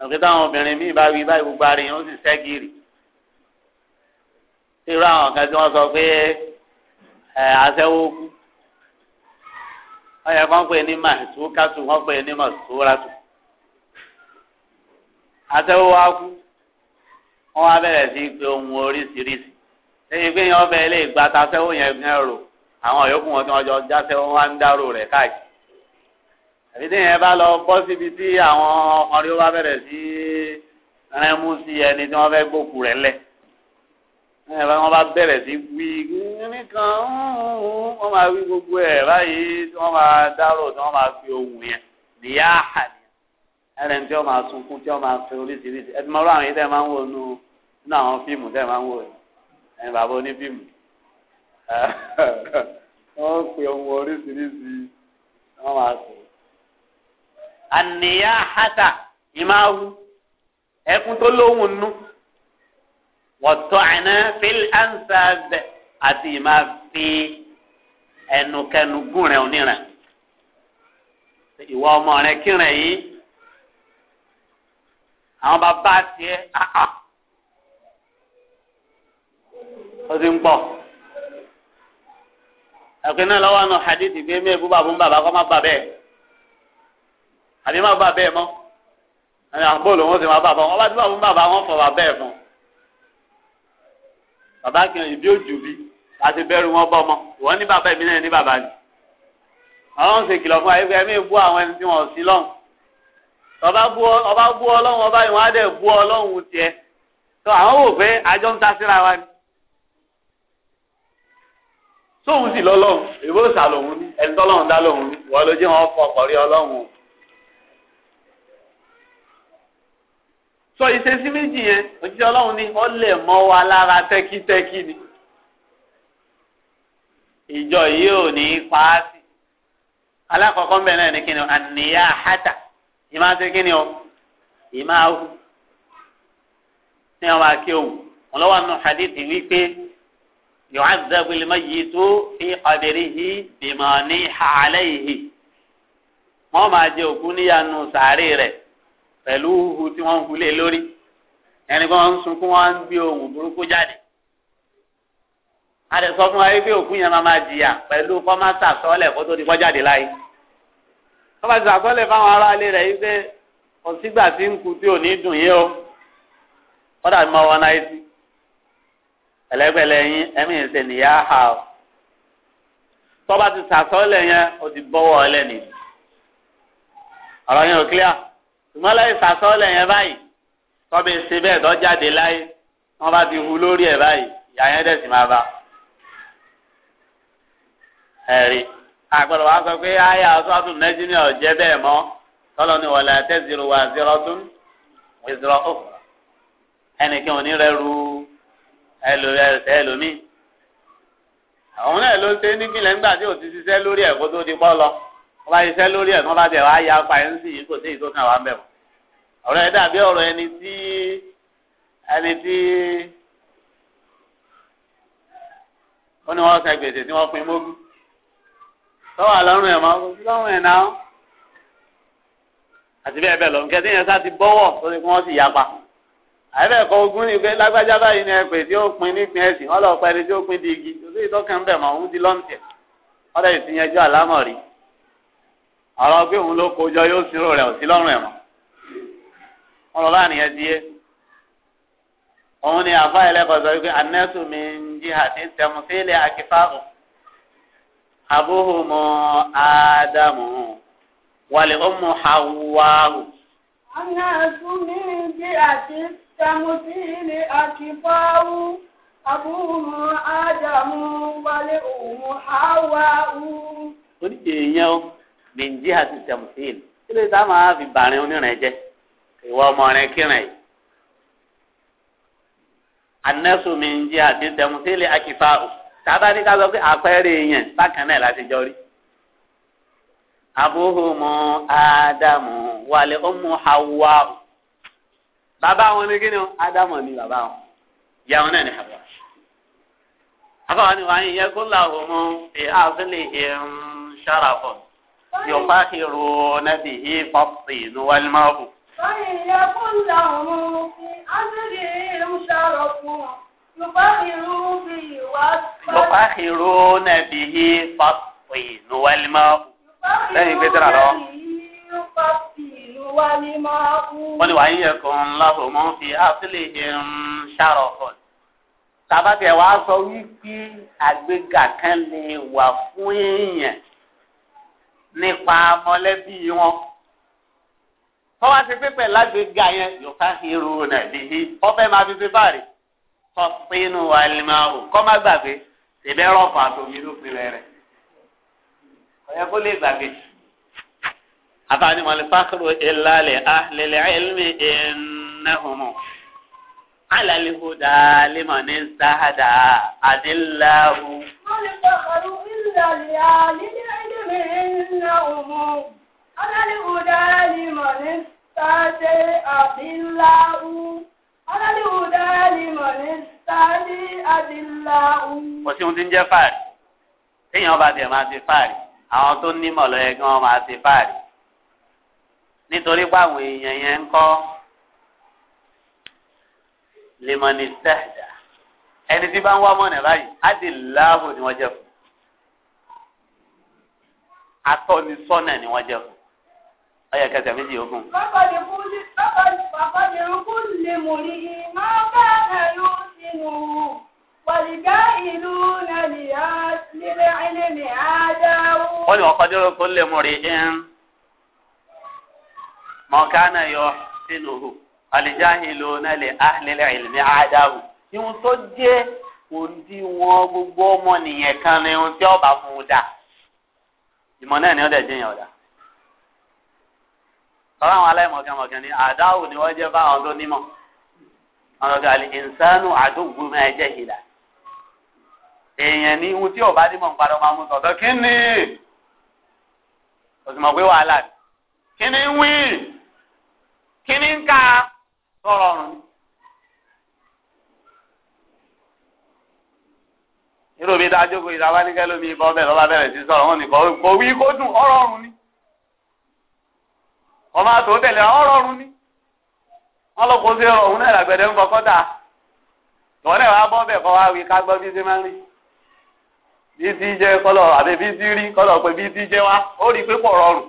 òkè táwọn obìnrin míì bá wí báyìí gbogbo ara ó sì ṣẹ́gìrì irú àwọn kan tí wọ́n sọ pé ẹ̀ àṣẹ́wó kú wọ́n yẹ kán pè ní màtúkàtù wọ́n pè ní màtúràtù àtẹ̀wò wa kú wọ́n wá bẹ̀rẹ̀ sí pé ohun oríṣiríṣi lẹ́yìn pé yẹn ọbẹ̀ ilé ìgbà tasẹ́wò yẹn gbẹ́ rò àwọn yòókù wọn tí wọ́n jọ jáṣẹ́ wọn wá ń dárò rẹ̀ káàkiri àbí téèyàn bá lọ bọ́ síbi tí àwọn ọkùnrin wa bẹ̀rẹ̀ sí rẹ́mú sí ẹni tí wọ́n fẹ́ gbókù rẹ̀ lẹ̀ ẹ bá wọn bá bẹ̀rẹ̀ sí wí nìkan wọn máa wí gbogbo ẹ báyìí tí wọn máa dárò tí wọn máa fi ohun yẹn níyà àdìyàn ẹrẹ̀n tí wọn máa sunkún tí wọn máa fi oríṣiríṣi ẹtì máa rọ àwọn yìí tẹ́ máa ń wò nù nínú àwọn fíìmù tẹ́ máa ń wò ẹ bàbá onífíìmù wọn pe ohun oríṣiríṣi wọn máa sọ. àníyá hátà ìmáwú ẹkún tó lóhùn nù wọ̀tọ́ẹ̀nà fíl ansáàbẹ àti ìmá fi ẹnukẹnu gùn rẹ̀ oníran ìwọ ọmọ rẹ̀ kírẹ̀ yìí àwọn bàbá tiẹ̀ àhà ó ti ń pọ̀ ẹ̀kọ́ iná lọ́wọ́ nù hadithi bíi mi ìbú bàbá bàbá kọ́ má bà bẹ́ẹ̀ àbí má bà bẹ́ẹ̀ mọ́ àwọn àbúrò lòun sì má bà bọ́ wọn bá ti bàbá bàbá wọn fọ̀ bà bẹ́ẹ̀ fún bàbá kan ìbí òjò bí àti bẹ́rù wọn bọ́ ọmọ ìwọ ní bàbá ìbí náà ní bàbá ni. ọlọ́run ṣe kìlọ̀ fún ayéfẹ́ mi bú àwọn ẹni tí wọ́n sí lọ́hùn. ọba bú ọlọ́run ọba ìwọ̀n adẹ̀ bú ọlọ́run tiẹ̀. tó àwọn wò pé àjọ ń ta síra wa ni. sóhun sì lọ́lọ́run èbó sà lòun ní ẹni tọ́lọ́run dá lòun ní wọ́n ló jẹ́ wọn fọkọ̀ rí ọlọ́run o. sọ ìṣesí méjì yẹn òjíṣẹ́ ọlọ́run ni ó lè mọ́ wa lára tẹ́kítẹ́kí ni ìjọ yìí ò ní paasi alákọ̀ọ́kọ́ ń bẹ̀ náà ní kíni àníyá hátà ìmá ṣe kíni o ìmá hù ní àwọn wọn lọ́wọ́ nù hadithi wípé fi wọ́n máa jẹ òkú níyanu sàárè pẹ̀lú hu tí wọ́n ń hulé lórí ẹni kan ń sunkún wọn ń gbé ohun burúkú jáde a lè sọ fún wa wípé òkú yẹn máa máa jìyà pẹ̀lú kọ́mátà sọ́ọ̀lẹ̀ kó tó di kọ́ jáde láyé tọ́ba ti fáwọn aráalé rẹ̀ yìí pé ọ̀sígbà tí ń kú tí ò ní dùn yé o kọ́dà mi máa wọ náà pẹ̀lẹ́pẹ̀lẹ́ yín ẹ̀mí ìṣe nìyá ha o tọ́ba ti sàkọ́lẹ̀ yẹn o ti bọ́wọ́ ọlẹ́ni ọ̀rọ̀ ìmọ̀lá ìsàsọ́lẹ̀ yẹn báyìí tọ́bi ṣe bẹ́ẹ̀ dọ́jáde láyé wọ́n bá ti hu lórí ẹ̀ báyìí ìyá yẹn dẹ̀ sì máa bá ẹ̀rí àgbọ̀dọ̀ wa sọ pé ayé asọ́tún nẹ́jìnì ọ̀jẹ́ bẹ́ẹ̀ mọ́ tọ́lọ́ ni wọlé àtẹ́sìrò wà zírọ́tún ìzírọ́ òkùnrin ẹnìkan ò ní rẹ ru ẹlòmíì àwọn náà ló ṣe nípìnlẹ̀ ńgbà tí ò ti ṣiṣẹ́ lórí ẹ̀kọ́ tó ti pọ́ lọ wọ́n bá ṣiṣẹ́ lórí ẹ̀ tí wọ́n bá tẹ̀ wá ya fàyẹ́nsì yìí kò sí èyí tó kàn ń bẹ̀ mọ́ ọ̀rọ̀ ẹ̀ dàbí ọ̀rọ̀ ẹni tí ẹni tí ó ní wọ́n san gbèsè tí wọ́n pin mógún tọ́wọ́ àlọ́run ẹ̀ mọ́ lọ́rùn ẹ̀ náà àti bẹ́ẹ̀ bẹ́ẹ̀ lọ nǹkan tí yẹn sá ti bọ́wọ̀ tó ti wọ́n sì yapa àìbẹ̀kọ ogún ni pé lágbájá báyìí ni ẹ tí ó pin nípìn ẹ̀sìn wọ́n lọ pa ẹni tí ó pin di igi òsì ìtọ́kàn ń bẹ̀ mọ́ òun ti lọ́ǹtì ẹ̀ wọ́n lẹ́yìn ti yanjú àlámọ̀ rí ọ̀rọ̀ pé òun ló kojọ yóò sínú rẹ̀ ò sí lọ́rùn ẹ̀ mọ́ wọn lọ bá nìyẹn ti yé òun ni àfa ẹlẹ́kọ̀ọ́ sọ wípé anẹ́sù mi ń jí àti tẹ̀mùsílẹ̀ akífáàkù abúhùmù ádámù wàlẹ̀ ọmọ hawaru. anẹ́sù mi ń jí àti tẹ̀mùsílẹ̀ akífáàkù abúhùmù ádámù wàlẹ̀ ọmọ hawaru. ó ní èèyàn o min jihati tamthil kí ló dé táwọn máa fi bàrin onírin jẹ ìwọ ọmọ rẹ kírin yìí anẹ́sùn min jihati tamthil akifa'u tábà ní ká sọ pé àpẹẹrẹ yẹn bákan náà láti jọ rí abuhumu adamu wàlẹ̀ ọmọ hawa bàbá wọn ni kíni o adamu ni bàbá wọn ìyá wọn náà ni hawa afọwọ́ni wàá yẹ kó làwọn ọmọ ẹ̀ àfẹ́lẹ̀ ẹ̀ ń ṣàràfọ́. يطهرون به فالطين والماء فإن يكن لهم في أجرهم شرف يطهرون به فالطين والماء lẹ́yìn pé tíra wọ́n ní yẹ kàn láhùn mọ́ fi àtúlẹ̀ ẹ̀m ṣàròkọ̀. tàbátẹ̀ wàá sọ wípé àgbéga kan lè wà fún èèyàn nípa mọ̀lẹ́bí wọn. Tọ́wá ti pípẹ́ lágbèéga yẹn yóò ká irú nàìjíríì. Ọbẹ̀ máa fi pépà rè. Sọ́pínú àlìmáwò kọ́ má gbàgbé tẹ̀lé rọ̀fà àtòmí ló pinlẹ̀ rẹ̀. Ọ̀yẹ́ kó lè gbàgbé. Àfààní mọ̀lẹ́ fákúrò ìlàlẹ̀ àlẹ́lẹ̀ ẹ̀lmí ẹ̀nẹ́hùnmù. Àlàlẹ́ hùdà lẹ́mọ̀ ní sáhàdà àdínláhùn. اتخذوا إلا لأهل العلم إنهم على الهدى لمن استهزئ بالله على الهدى لمن استهزئ بالله. kò sí ohun tí ń jẹ́ fáàrí téèyàn bá tiẹ̀ máa ti fáàrí àwọn tó nímọ̀ lọ́yẹ kí wọ́n máa ti fáàrí nítorí pé àwọn èèyàn yẹn ń kọ́ lèmọ̀nì sẹ́ẹ̀dá ẹni tí bá ń wá mọ̀nà báyìí adìláàbò ni wọ́n jẹ́ fún atọ́nisọ́nà ni wọ́n jẹ́ fún ọyọ kẹsẹ̀ méjì ogun. bàbá ìrúkú lè mú ní ìmọ̀ bá ẹ̀rú sínú wàlìgá ìlú nàìjíríà lílẹ̀ ilé ní àdáwó. wọ́n ní ọkọ̀ dúró kó lè mú rí in mọ̀ọ́kánà yọ sínú wàlìgá ìlú nàìjíríà lílẹ̀ ilé ní àdáwó ihun tó jẹ́ òdiwọ̀n gbogbo ọmọ nìyẹn kan ni ohun tí ọba fún un dà ìmọ̀ náà ni ó dẹ̀ jẹ́yàn ọ̀dà tọ́lá àwọn aláìmọ̀kẹ́mọ̀kẹ́ ni àdáwò ni wọ́n jẹ́ báwọn tó nímọ̀ àwọn ọ̀gá àlè ìnsánú àdógbò máa jẹ́ ìlà èèyàn ní ihun tí ọba nímọ̀ ń padà máa mú sọ̀tọ̀ kí ni òsùnmọ̀ pé wàhálà kí ni wí kí ni ń ka sọ̀rọ̀ ọ̀run ni. nírò mi dájú kò ìdáwá ní kẹ́ló mi ìbọn bẹ́ẹ̀ lọ́ba bẹ̀rẹ̀ sí sọ̀rọ̀ wọn nìkan kò wí kó dùn ọ̀rọ̀rùn ni ọmọ àtò tẹ̀lé ọ̀rọ̀rùn ni wọn lọ kó sí ọ̀hún náà làgbẹ̀dẹ̀ ń kọ́kọ́ dà lọ́wọ́ náà wàá bọ́ bẹ́ẹ̀ kọ́ wá wí ká gbọ́ bí sí máa ń rí bí sí jẹ́ kọ́lọ̀ àbí bí sí rí kọ́lọ̀ pé bí sí jẹ́ wá ó rí pé pọ̀ rọrùn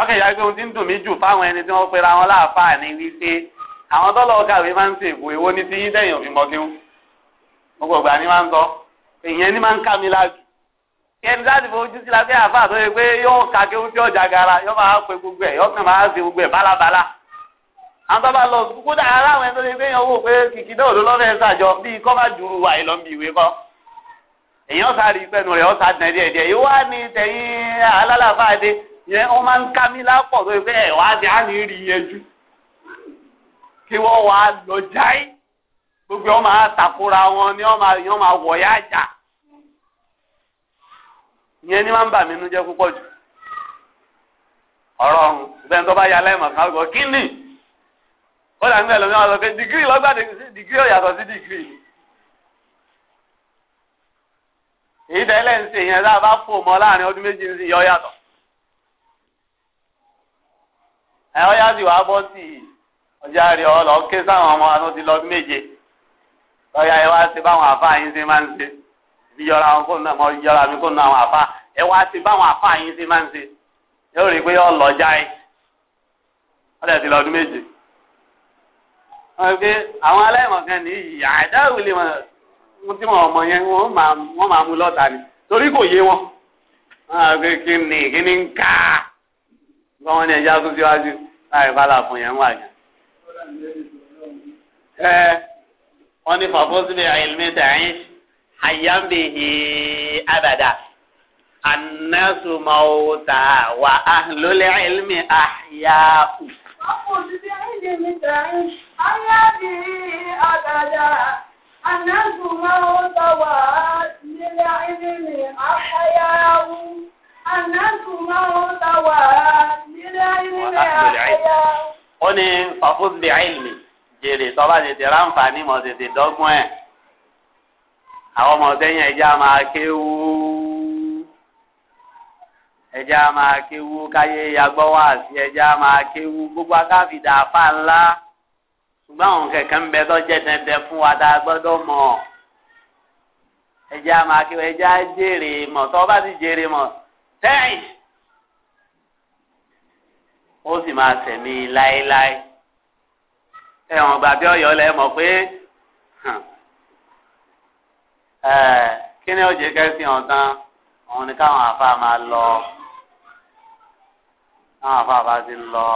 ọkàn ìyá pé ohun tí ń dùn mí jù fáwọn ẹni tí wọ́n pera wọn láàfáà ni wípé àwọn tọ́lọ̀ kàwé máa ń ṣègùn èwo ní ti yín dẹ̀yìn òfin mọ́kíhún gbogbo ìgbà ni máa ń sọ èèyàn ni máa ń ká mi láàbì kẹ́ni láti fojú sí la fẹ́ àfáà pé yóò ka ọjà gara yóò máa pe gbogbo ẹ̀ yóò kàn máa ṣe gbogbo ẹ̀ bálabàlà àwọn tó lọ kódà ẹni tó ṣe pé èèyàn wò pé kìkì náà ló lọ́fẹ̀ẹ́ sàjọ bíi kọ́ ju lọ ìwé kọ́ èèyàn rẹ̀ dẹ̀ díẹ̀ díẹ̀ yóò wá ní tẹ̀yìn yẹn wọ́n máa ń ká mi lápọ̀ tó ṣe pé ẹ̀ wá ti gbogbo wọn máa wọn ni wọn máa yọ máa wọ̀ ya ni máa ń bà mí nú jẹ́ jù ọ̀rọ̀ ọ̀run bẹ́ẹ̀ tó bá ya lẹ́mọ̀ kan gbọ́ kí ni ó dà nígbà lómi sọ pé dìgírì lọ́gbà dìgírì ò yàtọ̀ sí dìgírì èyí tẹ́lẹ̀ ń ṣe yẹn tá a bá fò mọ́ láàrin ọdún méjì ń sìn yọ yàtọ̀ ẹ̀ ọ́ yá sì wá bọ́ sí ọjà rẹ̀ ọ lọ ké sáwọn ọmọ àti ọdún méje lọ́yà ẹ wá sí báwọn àfa yín ṣe máa ń ṣe yíyọra wọn kó nà mọ yíyọra mi kó nà àwọn àfa ẹ wá sí báwọn àfa yín ṣe máa ń ṣe yóò rí i pé yóò lọ jáì wọ́n ti lọ méje. wọ́n fi àwọn ní ìyá àdáwò lè mọ̀ tí wọ́n mọ̀ yẹn wọ́n máa mú lọ́ta ni torí kò yé wọn. kí ni kí ni ń ká gbọ́n wọn ní ẹja tún síwájú láì bá làfún yẹn wà yẹn wọ́n ní fàfọ́sílẹ̀ àìlmẹ́ta ẹ̀yìn àyàmbìhì abàdà anásùmáwòtà wà á lólè àìlmì àyàfù. fàfọ́sílẹ̀ àìlmẹ́ta ẹ̀yìn àyàmbìhì abàdà anásùmáwòtà wà á lólè àìlmì àyàfù. anásùmáwòtà wà á lólè wọ́n ní fàfọ́sílẹ̀ àìlmẹ́ta jèrè tọ́ba tètè ráǹfààní mọ̀ tètè dọ́gbọ́n ẹ̀ àwọn ọmọ sẹ́yìn ẹ̀já máa kéwú ẹ̀já máa kéwú káyé yagbọ́ wá sí ẹ̀já máa kéwú gbogbo akáfìdá afá ńlá ṣùgbọ́n àwọn kẹ̀kẹ́ ń bẹ tọ́jẹ́ dandan fún wa tá a gbọ́dọ̀ mọ̀ ẹ̀já máa kéwú ẹ̀já jèrè mọ̀ tọ́ba ti jèrè mọ̀ sẹ́yìn ó sì máa sẹ̀mí láéláé ẹ̀wọ̀n gbà bí ọ̀yọ́ lẹ́ mọ̀ pé kí ni ó jẹ́ kẹ́sì òun ni káwọn àfa máa lọ káwọn àfa bá ti lọ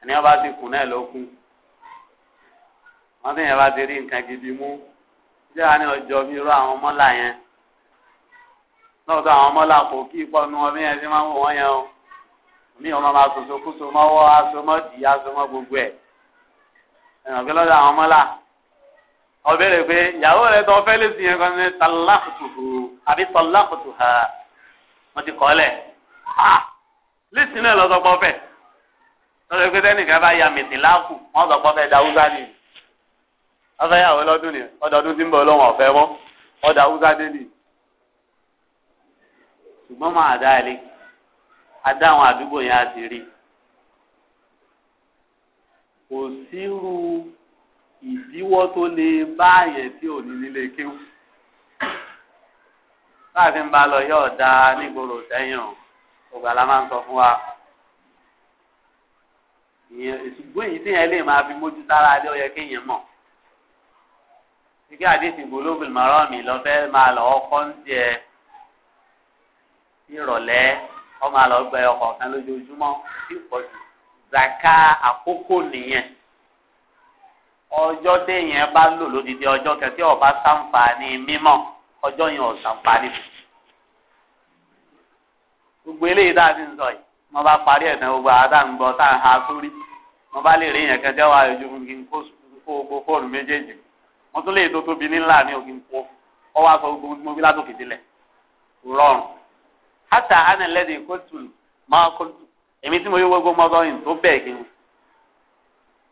ẹni ọba ti kù náà ló kù wọ́n ti yẹn bá ti rí nǹkan gidi mú ṣé wàá ní ọjọ́ bí irú àwọn mọ́là yẹn lọ́dọ̀ àwọn mọ́là kò kí ìpọnu ọmọ yẹn ti máa ń wọ̀ wọ́n yẹn o mi ò máa ma sòsò kúso mọ́wọ́ asomọ́ dì asomọ́ gbogbo ẹ̀ ẹ̀yàn kí lọ́dọ̀ àwọn ọmọlá ọbẹ̀rẹ̀ pé ìyàwó rẹ̀ tó fẹ́ lè sìn yẹn kan ní talakutuhu àbí talakutuha wọ́n ti kọ́ lẹ̀ ah lísìn náà lọ́sọ̀ pọ̀ fẹ́ lọ́sọ̀ pé sẹ́nìkan bá ya mìtìláàkù wọ́n sọ pọ̀ fẹ́ da húsá ni ọ̀sẹ̀ yàwó lọ́dún ni ọdọọdún ti ń bọ̀ lọ́wọ́ ọ̀fẹ́ mọ́ ọ̀dà húsá dé ni ṣùgbọ́n máa dá ẹ lé adá àwọn àdúgbò yẹn á rí kò sírú ìdíwọ́ tó lè bá àyẹ̀ tí ò ní nílé kéwù láàfin bá lọ yóò da nígboro sẹ́yìn o ògbà la máa ń sọ fún wa ṣùgbọ́n èyí tí yẹn lè máa fi mójú sára lé ọ yẹ kéèyàn mọ̀ gẹ́gẹ́ àdéhùn ìgbòlógùn mọ̀rán mi lọ fẹ́ máa lọ ọkọ́ ń tiẹ̀ nírọ̀lẹ́ ọ máa lọ gbẹ ọkọ̀ kan lójoojúmọ́ sí ìpọ̀jù zaka àkókò nìyẹn ọjọ́ téèyàn bá lò lódìdí ọjọ́ kẹtí ọba ṣàǹfààní mímọ́ ọjọ́ yẹn ò ṣàǹfààní gbogbo eléyìí dáa ti ń sọ yìí mo bá parí ẹ̀sìn gbogbo àádá ń gbọ́ tá à ń ha sórí mo bá lè rí yẹn kẹtí ọwọ́ àyọjú kí n kó gbogbo fóònù méjèèjì mo tún lè tó tóbi nílà ní òkè nkó ọwọ́ aṣọ gbogbo mo fi látòkè sílẹ̀ rọrùn hátà ánà lẹ́dí kóòtù máa kóòtù èmi tí mo yí gbogbo mọ́tò yìí tó bẹ́ẹ̀ kí n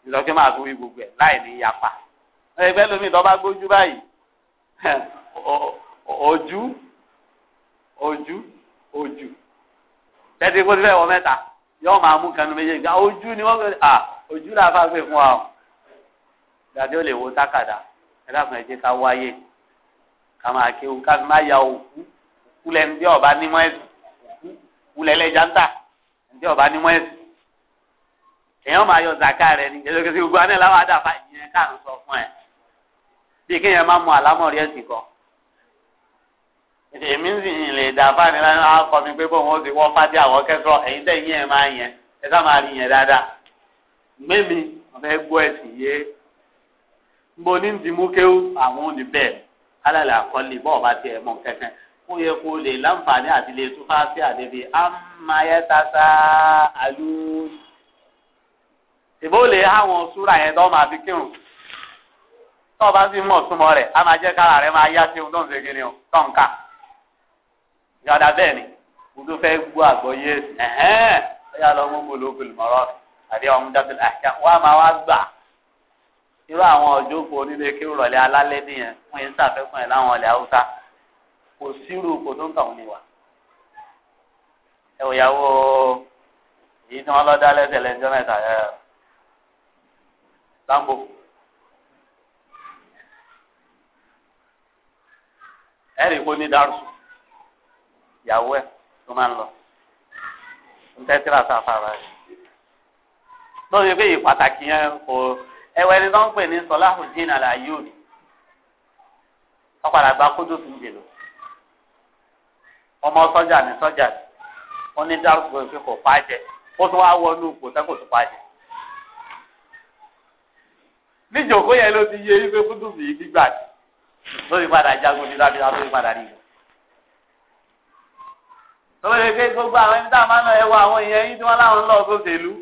ìlọ́kí máa tún wí gbogbo ẹ̀ láì ní yapa ẹgbẹ́ lómi ìdọ́ba gbójú báyìí ojú ojú ojú tẹ́tí kó ti fẹ́ wọ mẹ́ta yóò máa mú kanu méjèèjì ojú ni wọ́n fẹ́ à ojú là fà gbé fún wa o gbàdé ó lè wo tákàdá ẹ̀dá fún ẹ̀jẹ̀ ká wáyé ká máa kéwu ká fi ya òkú òkú lẹ́nu bí ọba nímọ̀ ẹ̀sùn òkú òkú lẹ́lẹ́jà ń tà ǹjẹ́ ọba ní wọ́n ẹ̀sìn èèyàn máa yọ zaka rẹ ni èso kìsì gbogbo aná làwọn àdàfà ìyẹn káàrún sọ fún ẹ bí kéèyàn máa mú àlámọ̀rí ẹ̀sìn kọ èmi ń sìn lè dàfà ní lánàá á kọ mi pé bóun ó ti wọ́ fájí àwọn kẹsọ̀ ẹ̀yin tẹ̀ yín ẹ̀ máa yẹn ẹ sá máa rí yẹn dáadáa mímí ọ̀fẹ́ gbọ́ ẹ̀sìn yé mo ní ti mú kéwù àwọn oníbẹ̀ alálẹ̀ àkọlé bọ́ọ̀ bá tiẹ̀ mọ̀ kẹ́kẹ́ kó yẹ kó lè láǹfààní àti lè tún fáfí àdébí amáyétásá alú. ìbò lè háwọn súra yẹn tó máa fi kírun tó o bá sì mọ̀ súnmọ́ rẹ̀ á máa jẹ́ kára rẹ̀ máa yá sí ohun tó ń ṣe kiri o tó ń kà. ìyàdá bẹ́ẹ̀ ni kudu fẹ́ gbọ́ àgbọ̀yé ẹ̀hẹ́n ó yà lọ́mú gbólógbòlù mọ́rọ́ àbí ọmú dátìlì àṣà wọ́n máa wá gbà irú àwọn ọ̀jókòó onílé kí kò sírù kò tó ń tàn wọn lè wà. ẹ wò yàwó èyí tí wọn lọ dá lẹsẹ lẹjọ mẹ́ta ẹ lambo. ẹ rí i kó ní dárúsù ìyàwó ẹ tó máa ń lọ ń tẹ́tìrà sáfara rẹ̀ lórí pé ìpàtàkì yẹn kò ẹwẹ́ ni wọ́n ń pè ní sọláhùn jìn àlàyé òní wọ́n padà gba kódó tó ń jèlò ọmọ sọjà ní sọjà ó ní dárúkọ ìfẹ́ kò pàjẹ ó tún wá wọnú kò tẹ kò tún pàjẹ. níjòkó yẹn ló ti yé ife kúndùbù yìí gbígbà lórí padà jagun ní dábìlá lórí padà rí i. lórí pé gbogbo àwọn ẹni tá a máa ń lọ ẹwọ àwọn èèyàn yín tí wọn láwọn ń lọ sóṣèlú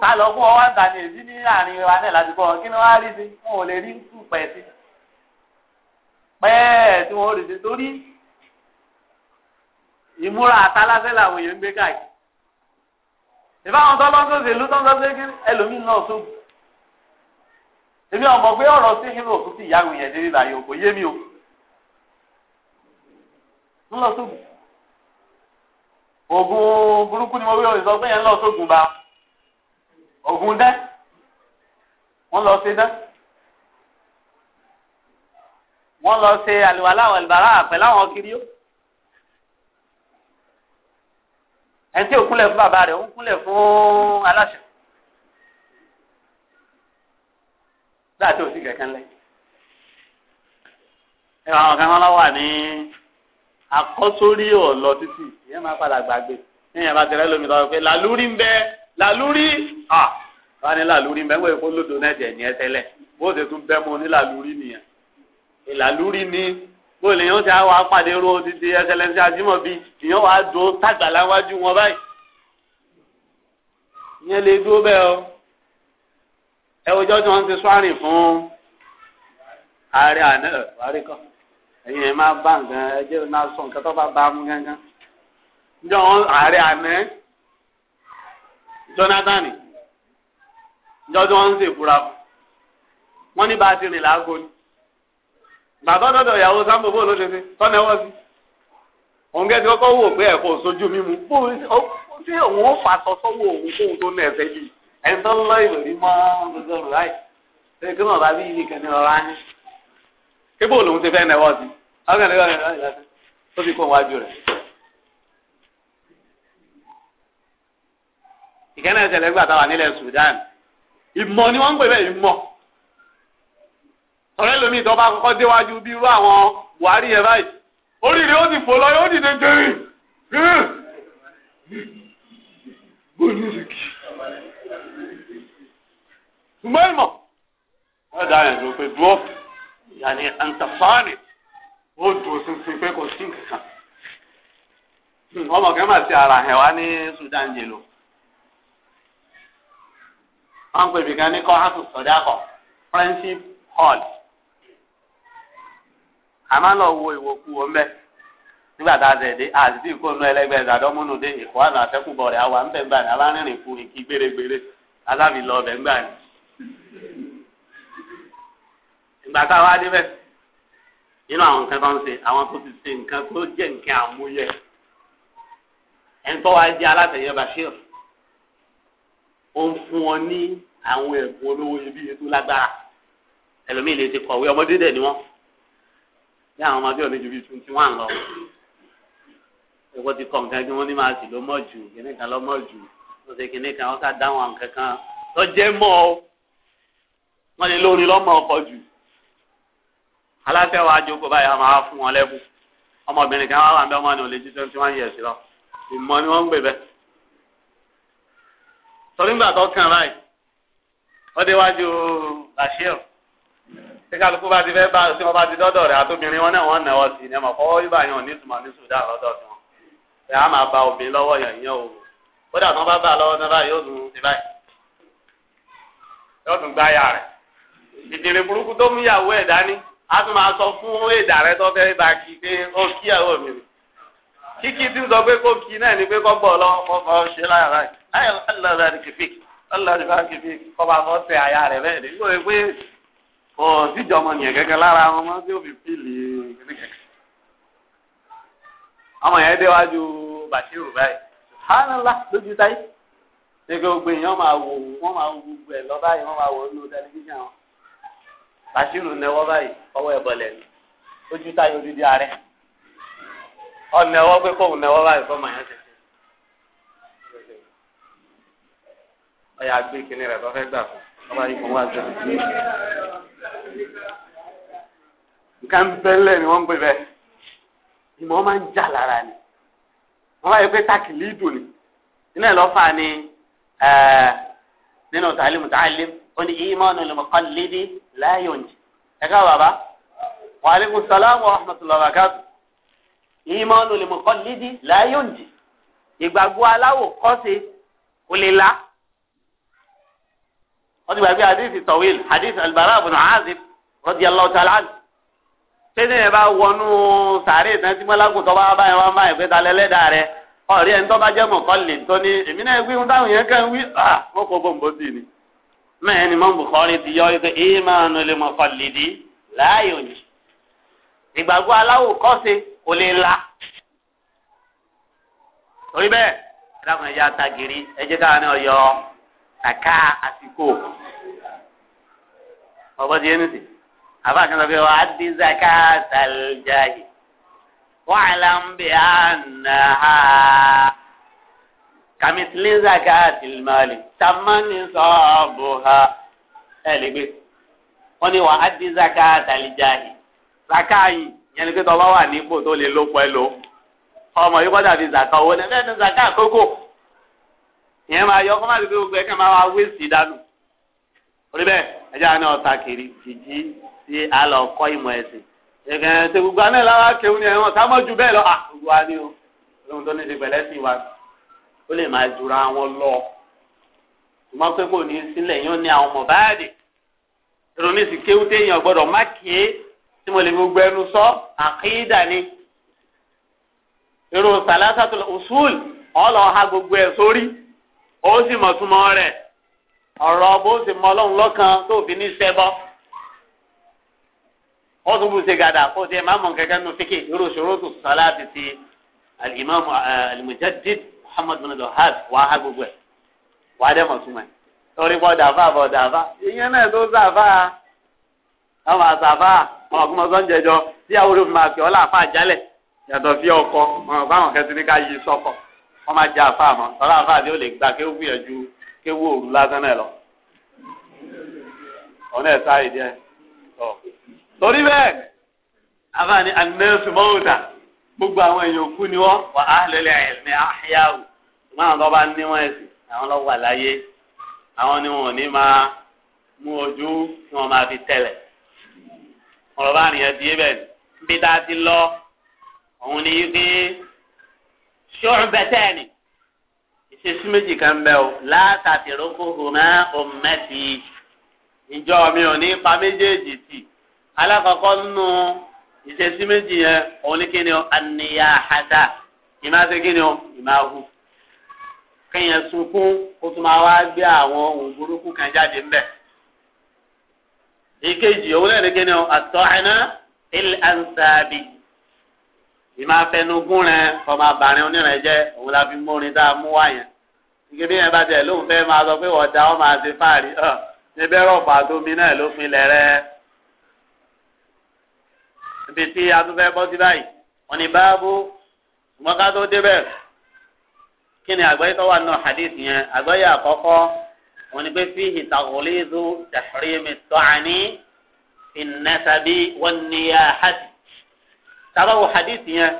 ta lọ fún ọ wá ní èdí ní àárín wa náà láti kọ kí ni wọn á rí sí wọn ò lè rí ń tù sí pẹ́ẹ́ tí wọn rí sí torí ìmúra àtàlásẹ́ làwọn èèyàn ń gbé káàkiri ìfáwọn tó lọ́sọ̀ sí ìlú tó ń sọ pé ẹlòmíín náà tó èmi ọmọ pé ọ̀rọ̀ sí ìhìn òkú sí ìyá àwìn yẹn débi báyìí yé mi o ń lọ sóògùn oògùn burúkú ni mo wí òyìn sọ pé yẹn ń lọ sóògùn bá oògùn dẹ́ wọ́n lọ sí dẹ́ wọ́n lọ sí àlùwalá àwọn ìbára àpẹ́ láwọn kiri ó. ẹni tí ò kúnlẹ̀ fún bàbá rẹ̀ ó ń kúnlẹ̀ fún aláṣẹ. dáa tí ò sí kẹ̀kẹ́ ńlẹ̀. ẹ wà àwọn kan wọn wà ní akọ́sórí ọ̀lọ́ títì ìyẹn máa padà gbàgbé ìyẹn bá tẹ̀lé lómi lọ́wọ́ pé làlúrí ń bẹ làlúrí à wà ní làlúrí ń bẹ wọ́n èkó lódò náà jẹ̀ ní ẹ tẹ́lẹ̀ bó ṣe tún bẹ́ mọ́ ní làlúrí nìyẹn ìlàlúrí ni bó lè yàn ti àwọn apàdé ro odidi ẹsẹlẹsẹ àjímọ̀bí ìyàn wàá dùn sàgbàlá wájú wọn báyìí ìyẹn lè dúró bẹ́ẹ̀ o ẹ wo jọ́jọ́ wọn ti sọ́ọ̀rìn fún ààrẹ àná ààrẹ kan ẹ̀yin ẹ̀ máa bá nǹkan ẹjẹ́ máa sọ nǹkan tó bá bá mú gángan jọ wọn ààrẹ àná Jonathan jọ́jọ́ wọn ń ṣèfura wọn ní bá a ti rìn láago ni. bàbá dọ́dọ̀ ìyàwó sáńbò bó ló ṣe ṣe tọ́nà ẹwọ́ sí òun gẹ́gẹ́ kọ́kọ́ wò pé ẹ̀kọ́ sojú mímu tí òun ó fà sọ sọ́wọ́ òun kóhun tó ní ẹ̀sẹ̀ yìí ẹni tó ń lọ ìwé rí mọ́ gbogbo rẹ̀ ṣe kí ọ̀rọ̀ lòun ti fẹ́ nẹwọ́ sí Sudan ìmọ̀ ni wọ́n ń pè ọ̀rẹ́ lomi ìtọ́ bá kọ́kọ́ déwájú bí irú àwọn Buhari yẹn báyìí oríire ó ti fò lọ yóò dìde jẹrì ṣùgbọ́n ìmọ̀ ọ̀dà yẹn ló pe dúró yàní àǹtàfáàní ó dùn sísun pé kò sí nǹkan ọmọ kan máa ara hẹ̀ wá ní Sudan jèlò wọn pè mí kan ní kọ́ hàtù kọ́ friendship hall a máa ń lọ wo ìwòkú wọn bẹ́ẹ̀ nígbà tá a tẹ̀ dé àti tí ìkónú ẹlẹgbẹ́ ìdádọ́múnú dé ìkó àná àtẹ́kùbọ̀ rẹ̀ àwa ń bẹ̀ ń gbà ní alárìnrìn fún ìkí gbèrègbèrè alábì lọ ọbẹ̀ ń gbà ní. ìgbà tá a wá débẹ̀ nínú àwọn nǹkan tó ń ṣe àwọn tó ti ṣe nǹkan tó jẹ́ nǹkan àmúyẹ ẹni tó jẹ́ alátẹ̀yẹ Bashir ó ń fún wọn ní àwọn ẹ̀bùn olówó iyebíye tó lágbára ẹlòmíì lè ti kọ̀wé ọmọdé dẹ̀ ni wọ́n ní àwọn ọmọdé òní ju bíi twenty one lọ èwo ti kọ̀ nǹkan kí wọ́n ní máa sì ló mọ̀ jù kíní kan ló mọ̀ jù ó ṣe kíní kan wọ́n ká dáhùn àwọn kankan tó jẹ́ mọ́ ọ wọ́n ní lórí lọ́mọ ọkọ̀ jù aláfẹ́ wa jókòó báyìí a máa fún wọn lẹ́bùn ọmọbìnrin kan wá wà ń bẹ́ ọmọ ní olè ju twenty one years lọ ìmọ̀ ni wọ́n ń gbé bẹ́ẹ̀ torí ńgbà tó kàn báyìí ó déwájú Bashir tí kálukú bá ti fẹ́ bá tí wọ́n bá ti dọ́dọ̀ rẹ̀ àtòbìnrin wọn náà wọ́n nà wọ́n sí ni ẹ̀mọ̀ fọwọ́ yóò bá yàn ní ìtumọ̀ ní Sudan lọ́dọ̀ tí wọn. ṣé a máa ba obìnrin lọ́wọ́ yàn yàn o kódà tí wọ́n bá bá a lọ́wọ́ náà báyìí yóò tún ti báyìí yóò tún gbáyà rẹ̀. ìdìrí burúkú tó mú ìyàwó ẹ̀ dání a tún máa sọ fún èdà rẹ tó fẹ́ bá ọ síjọ ọmọ ni ẹgẹgẹ lára wọn mọ tí ó fi fíìlì ọmọ yẹn déwájú Bashiru báyìí hánàlá lójú táyé nígbà gbogbo èèyàn máa wò wọn máa wo gbogbo ẹ lọ báyìí wọn máa wò nínú tẹlifíṣàn wọn Bashiru nẹwọ báyìí ọwọ́ ni odidi ààrẹ pé báyìí fọmọ yẹn ọyà gbé kinní fẹ́ gbà fún nǹkan bẹ́lẹ̀ ni wọ́n ń pè bẹ́ẹ̀ ìmọ̀ máa ń jà lára ni wọ́n bá yẹ pé tákìlì dùn ni iná ìlọ́fà ni nínú tàlí mùtàlí ó ní ìmọ̀nù lùmọ̀kànlédè láyọ̀njì ẹ̀ka bàbá wa alaikum salaam wa rahmatullahi wa barakatuh ìmọ̀nù lùmọ̀kànlédè láyọ̀njì ìgbàgbọ́ aláwò kọ́sí kò lè la wọ́n ti gbàgbé hadith tawil hadith albara ibn azib radiyallahu ta'ala anhu tẹ́lẹ̀ yẹn bá wọnú sàárè ìtàn tí mọ́lákùn tó bá bá yẹn wá máa yẹn pé ta lẹ́lẹ́dà rẹ ọ̀rí ẹni tó bá jẹ́ mọ̀kọ́lì tó ní èmi náà wí ohun táwọn yẹn kàn wí ó ah, kó bòǹbò sí ni. mẹ́ẹ̀ ni mọ́mù kọ́rin ti yọ ike ìmánu lè mọ̀kọ́lì dí láàyè òyì. ìgbàgbọ́ aláwò kọ́sẹ̀ kò lè la. torí bẹ́ẹ̀ dákun ẹ̀yà tagiri ẹ̀jẹ̀ káwọn náà àbá kan sọ pé wàá di zakat aljahi wa'lam bi annaha kàmìtìlì zakat almali tamani sọ́ọ̀bùhà ẹ̀lẹ́gbẹ́ wọ́n ní wàá di zakat aljahi zaka yìí yẹn ni pé tọ́ba wà nípò tó lè lópọ̀ ẹ̀ lò ọmọ yìí gbọ́dọ̀ fi zaka owó náà bẹ́ẹ̀ ni zaka àkókò ìyẹn máa yọ ọkọ máa fi gbogbo ẹ̀ kẹ́ máa wá wíìsì dànù orí bẹ́ẹ̀ ẹjọ́ àná ọ̀tá kiri jìjì tí a lọ kọ́ ìmọ̀ ẹ̀sìn ẹ̀gẹ̀ ṣe gbogbo àná ìlara kéwù ni ẹ̀wọ̀n ká mọ́ ju bẹ́ẹ̀ lọ à gbogbo wa ni o lóhun tó ní ti pẹ̀lẹ́ sí wa ó lè máa jura wọn lọ ṣùgbọ́n pé kò ní sílẹ̀ yóò ní àwọn ọmọ báyàdì èrò mi sì kéwù téèyàn gbọ́dọ̀ má kéé tí mo lè gbogbo ẹnu sọ àkídà ni èrò sàlásàtò usul ọlọ́ha gbogbo ẹ̀ sórí ó sì mọ̀ túmọ̀ rẹ̀ ọ̀rọ̀ bó sì mọ ọlọ́run lọ́kan tó fi ní sẹ́bọ̀ wọ́n tún bú ṣe gàdà kó tiẹ̀ máa mọ̀ kẹ́kẹ́ nù fíkì irú ṣurutu salati ti alimami eh, alimujaddid muhammadu bin abdulhaj wàhálà gbogbo ẹ̀ wàá dẹ́ mọ̀ túmọ̀ ẹ̀ torí bọ́ dàfà bọ́ dàfà ìyẹn náà tó sàfà àwọn àsàfà àwọn ọkùnrin ọsán jẹjọ tí àwọn olófin máa fi ọlá àfà jálẹ̀ yàtọ̀ fi ọkọ wọn báwọn kẹsì ní ká yí sọkọ wọn máa jẹ àfà mọ ọlá àfà tí ó lè gbà kéwù gbìyànjú kéwù òru lásán náà lọ ọ̀nà ẹ̀ sáà ìdí ẹ̀ tọ̀ torí bẹ́ẹ̀ afaani anẹ́sì mọ́wúta gbogbo àwọn èèyàn kú ni wọ́n wà á lẹ́lẹ́ ẹ̀mí àhíyáwó ṣùgbọ́n àwọn tó bá ní wọ́n ẹ̀sìn àwọn lọ́wọ́ àláyé àwọn ni wọn ò ní máa mú ojú kí wọ́n máa fi tẹ̀lẹ̀ ọ̀rọ̀ bá nìyẹn di ebẹ̀ níbi tá a ti lọ òun ni yí pé ṣọ́ọ̀rù bẹ́tẹ̀ ni ìṣesí méjì kan bẹ́ o látàtì náà òun mẹ́tì ìjọ mi ò ní pa méjèèjì tì alákọ̀ọ́kọ́ nínú ìṣesí méjì yẹn òun ní kíni o àníyàhádà ìmáa ṣe kíni o ìmáa hù kéèyàn sunkún kó tó máa wá gbé àwọn ohun burúkú kan jáde ńbẹ ìkejì òun náà ní kíni o àtọ́hánà ilẹ̀ ansaabi ìmáa fẹnugún rẹ ọmọ abàrin onírẹ̀ jẹ́ òun fi mórin tá a mú wáyẹn yẹn bá tẹ̀ lóun fẹ́ máa sọ pé ọ̀dà ọ máa ṣe fáàrí ẹ̀ níbẹ̀ rọ̀pọ̀ àtomi náà ló pinlẹ̀ rẹ̀ ibi tí atúfẹ́ bọ́ sí báyìí wọ́n ní báàbò ṣùgbọ́n ká tó débẹ̀ kí ni àgbáyé tó wà nínú hadith yẹn àgbáyé àkọ́kọ́ wọ́n ní pé fíhì tàkùlẹ́zù tẹ̀sírìmì tọ́àní ìnẹ́sàbí wọ́n ní yá hadith tàbáwò hadith yẹn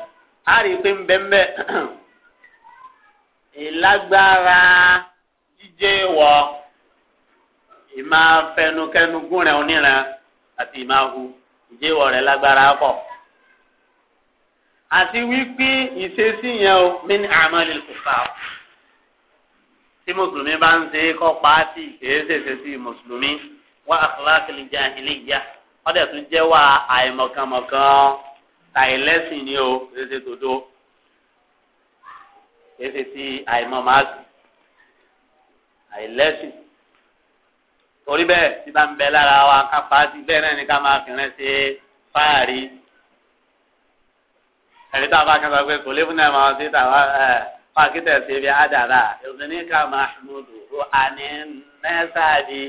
á rí i pé ń bẹ́ẹ̀ mbẹ́ ìlágbára jíjẹ́ wọ ìmáfẹnukẹnugún rẹ̀ onírẹ̀ àti ìmáhu ìjẹ́wọ̀ rẹ̀ lágbára pọ̀ àti wípé ìṣesí yẹn o min àmàlì kùfà tí mùsùlùmí bá ń ṣe kọ́ pàtì kìí ṣèṣe sí mùsùlùmí wá àkàlákìlì jahiliyya ọdẹ tún jẹ́ wà àìmọ̀kànmọ̀kàn tàìlẹ́sìn ni o ṣeṣe tòdó kìí ṣe sí àìmọ̀máàsì torí bẹ́ẹ̀ tí bá ń bẹ lára wa ká fàájì bẹ́ẹ̀ náà ni ká máa fi rìn ṣe fáàrí ẹ̀rí tá a bá kí n sọ pé kò lébùn náà máa ṣe tàwa ẹ̀ fàákítẹ̀ ṣe bí àdàrà ìrìnnì ká máa ṣùgbọ́n ó àní mẹ́sàájì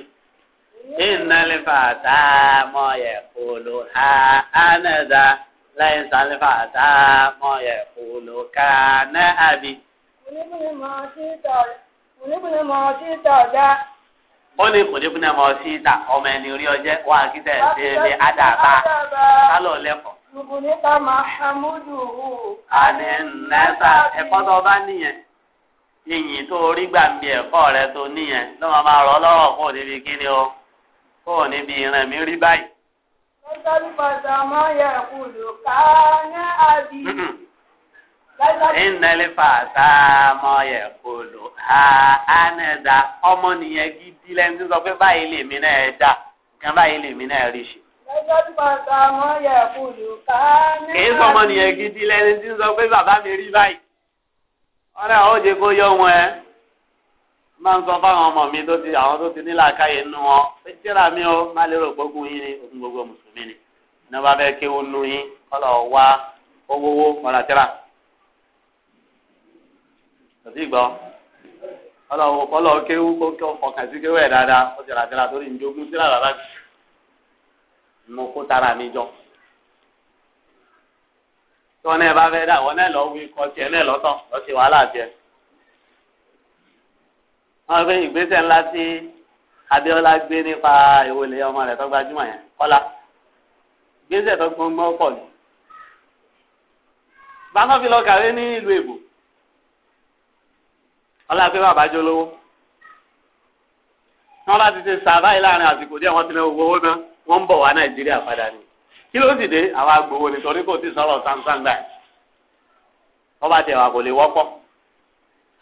ìnàlẹ́fà tá a mọ̀ yẹ kó ló ha ánàdá lẹ́yìn sálẹ́fà tá a mọ̀ yẹ kó ló ká náà àbí. oníbùnú mọ̀ ọ́ sí tọ̀ oníbùnú mọ̀ ọ́ sí tọ̀ dá. ó lè kò dé fúnẹ̀ sí ìta ọmọ ẹni orí ọjẹ́ wà kí tẹ̀ ṣe lé àdàbà sálọ̀ lẹ́kọ̀ọ́. Nùbùnítà Mahamudu. Àní nẹ́sà ẹ̀kọ́ tó bá nìyẹn. Iyìn tó orí gbàǹbì ẹ̀kọ́ rẹ tó nìyẹn ló máa máa rọ lọ́rọ̀ kó níbi o. Kó níbi ìran mi báyìí. máa yẹ kùlù ká ní ìnàlẹ́ fàtà mọ yẹ kolo ha anẹ́dá ọmọ nìyẹn gidi lẹ́nu tí sọ pé báyìí lèmi náà dá gan báyìí lèmi náà rí ṣe. kìí sọ ọmọ nìyẹn gidi lẹ́nu tí sọ pé bàbá mi rí báyìí. ọ̀rẹ́ àwọn òde kó yọ wọn ẹ máa ń sọ fáwọn ọmọ mi tó ti àwọn tó ti ní làákàyè wọn pé tíra mi ó má lérò gbógun yín ni ogun gbogbo mùsùlùmí ni ní wọn bá fẹ́ kéwọn nù yín kọlọ wá owó owó mọlá tíra tòsí gbọ́ ọlọ́wọ́ kọ́lọ́ kéwú kó fọkàn sí kéwú ẹ̀ dáadáa ó ti ràdíra torí ìjogún síra bàbá mi mo kó tara mi jọ tí wọn náà bá fẹ́ dà wọn náà lọ wí kọ tiẹ̀ náà lọ́tọ̀ lọ́ sí wàhálà tiẹ̀ wọn fẹ́ ìgbésẹ̀ ńlá sí Adéọlá gbé nípa ìwòlè ọmọ rẹ̀ tó gbajúmọ̀ yẹn Kọ́lá gbésẹ̀ tó gbọ́ngbọ́n pọ̀ jù bákan fi lọ kàwé ní ìlú Èbó ọlọ́pẹ́ bàbá jó lówó wọn bá ti ṣe sàbáyé láàrin àsìkò díẹ̀ wọ́n ti lè owó náà wọ́n ń bọ̀ wá nàìjíríà padà ni kí ló sì dé àwọn agbowó nítorí kò tí sọ̀rọ̀ sáńsáń gbà wọ́n bá tẹ̀ wá kò lè wọ́pọ̀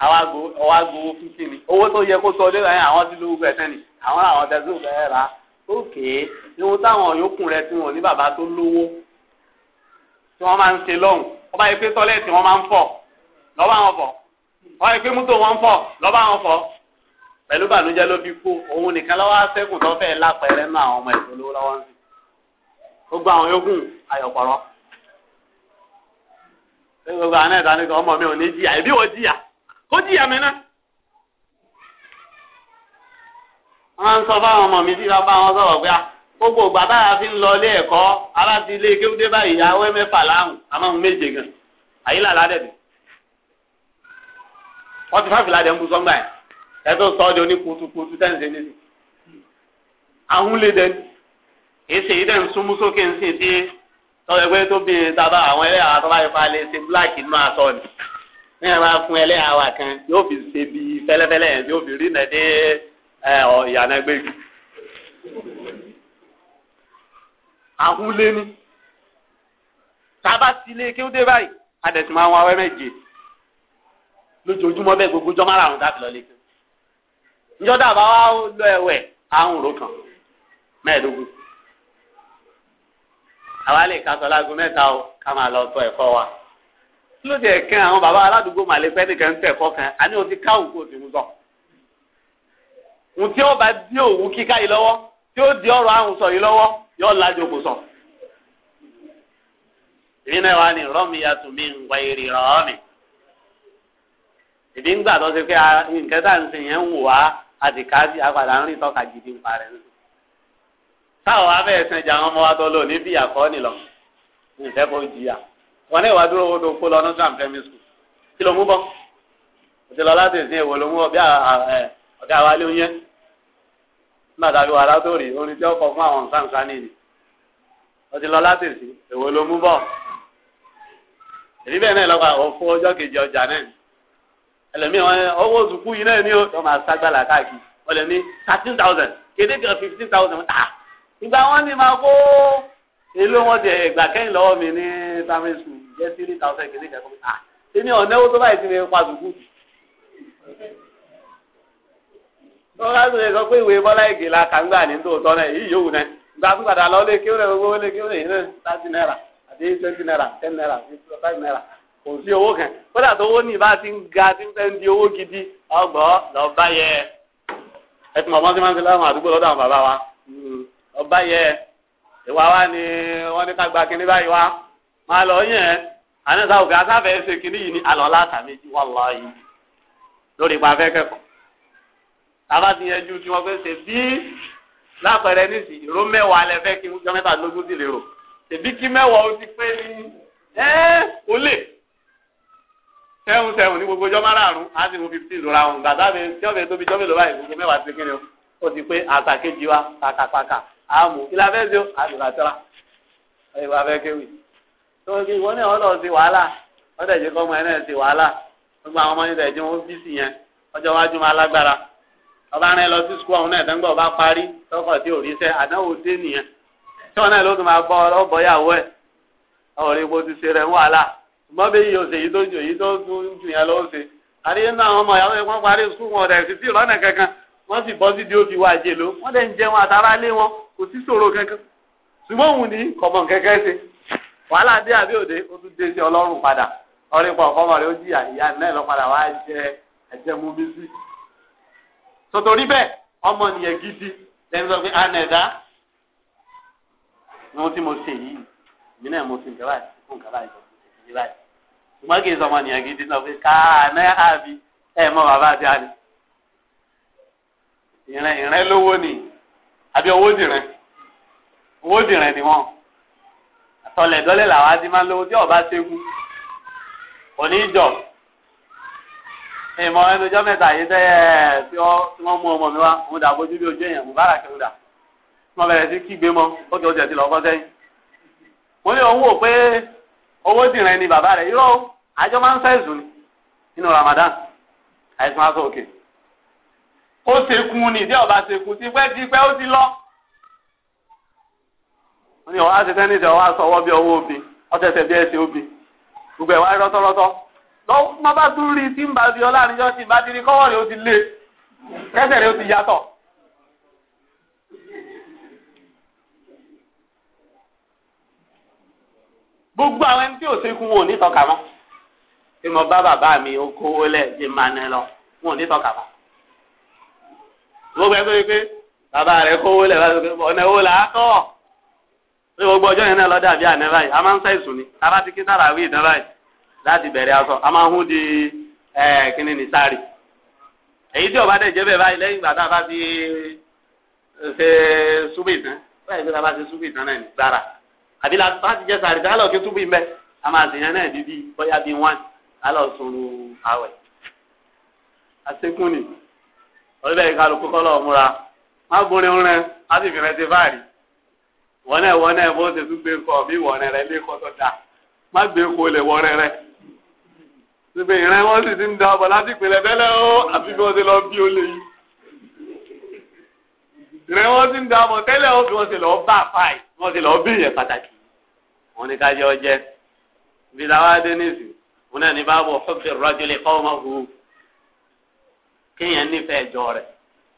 àwọn agbowó fífi ni owó tó yẹ kó sọ ọdẹ láyé àwọn ti lówó bẹ̀ẹ́ tẹ́ni àwọn làwọn tẹ́sí ò fẹ́ ra ókè ihun táwọn yòókù rẹ ti wọn ní bàbá tó lówó tí wọ́n máa ń ṣe lọ́hùn wọ́n bá yẹ pé tọ́lẹ̀tì wọ́n máa ń fọ̀ lọ́wọ́ àwọn fọ̀ wọ́n yẹ pé mọ́tò wọn ń fọ̀ lọ́ba wọn fọ̀ pẹ̀lú bànújẹ́ ló fi kú òun nìkan lọ́wọ́ sẹ́kùn tó fẹ́ lápẹ̀rẹ́ náà àwọn ọmọ ìpolówó lọ́wọ́ ń sìn gbogbo àwọn yòókù ayọ̀pọ̀rọ̀ gbogbo àwọn ẹ̀dá nìkan ọmọ mi ò ní jìyà ìbí wọ́n jìyà kó jìyà mi náà. wọ́n máa ń sọ fáwọn ọmọ mi tí bá bá wọn sọ̀rọ̀ pé ah, gbogbo ìgbà táyà fi ń lọ ilé ẹ̀kọ́ aláti ilé kéwúdé báyìí awẹ́ mẹ́fà láhùn àmọ́ méje gan àyílà ládẹ́bẹ̀ẹ́ wọ́n ti fáfìlà dẹ̀ ń bu sọ́gbà ẹ̀ ẹ tó sọ ọ́ di oníkutukutu tẹ́ǹsì níbi àwọn lè dẹ́nu èsì yìí dẹ̀ ń súnmú sókè ń sìn tí tọ́wọ́ ẹgbẹ́ tó bí tábà àwọn ẹlẹ́yà àtọ́wá ìfà lè ṣe bíláàkì inú aṣọ ni ní ẹ̀ máa fún ẹlẹ́yà wa kan yóò fi ṣe bí fẹ́lẹ́fẹ́lẹ́ yẹn yóò fi rí nà dé ìyànà gbégi. àwọn lé ní tábà sílé kí ó dé báyìí adẹ̀sí máa ń wá wẹ́mẹ̀ jè. lójoojúmọ́ bẹ́ẹ̀ gbogbo jọ́ márùn-ún dábì lọ létí njọ́ dàbá wa lọ ẹ̀wẹ̀ àrùn rò kàn mẹ́ẹ̀ẹ́dógún àwa lè o ká máa lọ tọ ẹ̀kọ́ wa àwọn bàbá aládùúgbò nìkan kan àní sọ tí ó bá dí kíká yìí di ọ̀rọ̀ àrùn sọ yìí lọ́wọ́ yóò lájò sọ. ìrìnà ni rọ́ọ̀mì ìdí ń gbà tó ṣe pé nǹkan tá à ń sìn yẹn ń wò wá a ti ká sí apàdà ń rìn tọ́ka gidi ń parẹ́ nù. táwọn wá bẹ́ẹ̀ sẹ́jà àwọn ọmọ wa tó lò ní bíyà kọ́ nìlọ nìfẹ́ kó jìyà wọn ní ìwà dúró owó tó kó lọ ní sàn sùn kí ló mú bọ́ òtí lọ láti ìsìn èwo ló mú ọ bí ọ̀gá wa ló ń nígbà tàbí wà látòrí orin tí ó kọ fún àwọn nǹkan nǹkan nìyí òtí lọ láti ìsìn èwo ló mú bọ́ èyí náà lọ́kọ̀ òfin ọjọ́ kejì ọjà náà ẹlẹ́mìí wọn owó sùkú yìí náà ni ó yọ máa ságbàlá káàkiri wọ́n lè ní thirteen thousand kéde kan fifteen thousand ah ìgbà wọn ni máa kó èlò wọn ti ẹgbà kẹ́yìn lọ́wọ́ mi ní primary school jẹ́ three thousand kéde kan fún ah èmi ọ̀nẹ́wó tó báyìí ti lè pa sùkú. wọ́n bá tún lè sọ pé ìwé bọ́lá ègè la kà ń gbà ní tòótọ́ náà èyí yòówù náà ìgbà tó padà lọ lé kéwòn rẹ̀ gbogbo lé kéwòn rẹ̀ yìí náà thirty naira àti twenty naira ten naira five naira kò sí owó kan kódà tó owó ní ìbá ti ń ga ti ń fẹ́ ń di owó gidi ọgbọ́ lọ́ba yẹ ẹ ti mọ̀ mọ́ sí máa ń ṣe láwọn àdúgbò lọ́dọ̀ àwọn bàbá wa hmm, ọba yẹ ìwà wa ni wọ́n ní ká gba kinní báyìí wa máa lọ yẹn àná sáwùkì asáfẹ́ ṣe kinní yìí ní alọ́lá àtàméjì wà lọ́ọ́ yìí lórí ipa afẹ́ kẹ́kọ̀ọ́ tàbá ti yẹn ju tí wọ́n fẹ́ ṣe bí lápẹ̀rẹ̀ nísì ìró mẹ́wàá lẹ fẹ́ kí wọ́n mẹ́ta lógún sí lérò ṣèbí kí mẹ́wàá ó ti pé ní ẹ́ ó lè sẹ́wọ̀n sẹ́wọ̀n ní gbogbo ọjọ́ márààrún á sì mú fifteen lóra ọ̀hún gbàdá mi tí ọ̀bẹ tóbi jọ́ mélòó báyìí gbogbo mẹ́wàá ti kíni o ó ti pé àtàkéjì wa pàkàpàkà á mú kí la fẹ́ ṣe ó á lò látara ẹ̀yìn wa fẹ́ kéwì. tó kí ìwọ náà ọlọ́ọ̀ ṣe wàhálà wọ́n tẹ̀ jẹ́ kọ́ ọmọ ẹ̀ náà ṣe wàhálà gbogbo àwọn ọmọ yẹn tẹ̀ jẹ́ wọn bí sí yẹn ọjọ́ iwájú máa lágbára ọba rìn lọ sí skul ọ̀hún náà mọ yi yìí ọsẹ yìí tó jù yìí tó jù yẹn lọ ọsẹ àríyé náà ya ọmọ ìyàwó wọn parí sukùn wọn kankan won sì bọ sí di òfin wa jẹ ló wọn dẹ ń jẹ wọn àtàrà lé wọn ni sí ṣòro kankan se òun ní kọ̀mọ̀ kẹ́kẹ́ ṣe wàhálà dé àbí òde ó tún dé sí ọlọ́run padà ọ̀rẹ́ pọ̀ gidi ṣùgbọ́n kì í sọmọ nìyẹn gidi náà pé káàná àbí ẹ mọ bàbá àti àlè ìrìn ìrìn lówó ni àbí owó dìrín owó dìrín ni wọn àtọlẹ̀dọ́lẹ̀ làwọn á ti máa lówó tí ọba ṣẹ́gun òní ìjọ ìmọ̀ ẹnu ọjọ́ mẹ́ta yìí tẹ́ ẹ tí wọ́n mú ọmọ mi wá mo dà bójú bí ojú èèyàn mo bá rà kẹrù dà mo bẹ̀rẹ̀ sí kígbe mọ́ ó kẹ́ ó jẹ̀ sí lọ́kọ́ sẹ́yìn mo ní òun wò pé owó sì rẹ ni bàbá rẹ yóò àjọ máa ń sẹ́ẹ̀sù nínú Ramadan àìsàn aṣọ òkè ó ni ìdí ọba sekun ti lọ wọ́n ní ọ̀hún àṣetẹ́ ní ìṣẹ̀ ọ̀hún ọwọ́ bí ọwọ́ obì ọ̀tẹ̀tẹ̀ bí ẹsẹ̀ obì gbogbo bá tún rí tí ń bá di ọlá àníjọ́ ti kọ́wọ́ rẹ̀ ti lé gbogbo àwọn ẹni tí ò sekú wọn ò ní tọ́ka mọ́ tí mo bá bàbá mi ó kówó lẹ̀ ṣe máa nẹ lọ wọn ò ní tọ́ka mọ́ gbogbo ẹgbẹ́ pé bàbá rẹ̀ kówó lẹ̀ ọ̀nà owó là á tọ̀ pé gbogbo ọjọ́ yẹn náà lọ́dà bí àná báyìí a máa ń sẹ́sùn ni ara ti kí sára wí ìdán báyìí láti bẹ̀rẹ̀ aṣọ a máa ń hún di kíní ní sáré èyí tí ọba dẹ̀ jẹ́ bẹ́ẹ̀ báyìí lẹ́yìn ìgbà tá àbí láti jẹ́ sàrí tí alọ́ kí túbú ìmẹ́ a máa sèyàn náà di bóyá bíi wọ́n alọ́ sunu àwẹ̀. asekun ni olùbẹ̀ yìí kálukú kọ́ lọ́ọ̀ múra má borí ń rẹ má sì fìrẹ́ ti fáàrí wọ́n náà wọ́n náà bó ṣe tún gbé kọ́ bí wọ́n rẹ lé kọ́ tó dáa má gbé kó lè wọ́n rẹ rẹ. síbi ìrẹ́ wọ́n sì ti ń da ọbọ̀ láti ìpìlẹ̀ tẹ́lẹ̀ ó àfi bí wọ́n ti lọ bí ó lè yí. ìrẹ́ wọ́n ti ń da ọbọ̀ tẹ́lẹ̀ ó fi wọ́n ti lọ bá àfáì wọ́n ti lọ bí ìyẹn pàtàkì. وان كاجي وجه واد نسي هنا ني باب حب الرجل قومه كي اني في جوره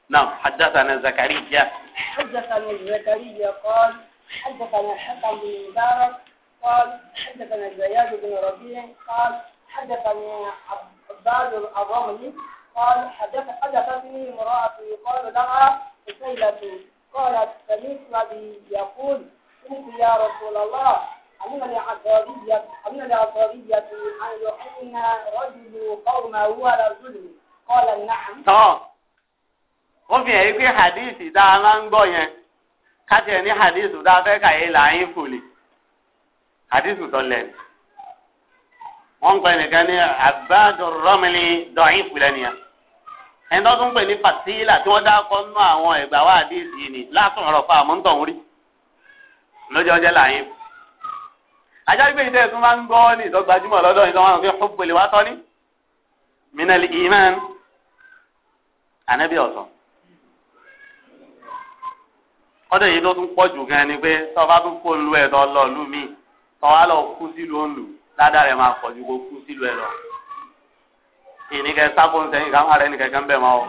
نعم حدثنا زكريا حدثنا زكريا قال حدثنا الحكم بن مبارك قال حدثنا زياد بن ربيع قال حدثنا عبد الرحمن قال حدث حدثتني امرأة قال لها سيلة قالت سمعت الذي يقول قلت يا رسول الله أمن العصرية أمن العصرية أن يحن رجل قومه على الظلم قال نعم. tọ́ ó fi hàn yí pé hadith tá a máa ń gbọ́ yẹn káti ẹ̀ ní hadith tá a fẹ́ kàyé là ń fò lè hadith tó lẹ̀ wọ́n ń pè nìkan ní abájọ́rọ́mìlì dọ̀yìn fúlẹ̀ nìyẹn ẹni tó tún pè ní fatila tí wọ́n dákọ́ nú àwọn ẹ̀gbà wa hadith yìí ni lásán fún àmúntọ̀ ń rí lójó jẹ́ fò ajágbé yìí tẹ̀sùn máa ń gbọ́ ní ìdọ́gbajúmọ̀ lọ́dọ̀ yìí lọ́wọ́ àwọn fún pèlè wá tọ́ ní minal iman anabi ọ̀sán kọ́dọ̀ yìí ló tún pọ̀ jù gan ni pé tọ́ba tún kó lu ẹ̀ lọ lọ lù mí tọ́wá lọ kú sílùú òǹlù ládàá rẹ̀ máa pọ̀ ju kó kú sílùú ẹ̀ lọ ìníkẹ́ sábò ń sẹ́yìn káwọn ará ẹnìkẹ́ kan bẹ̀ mọ́ ọ.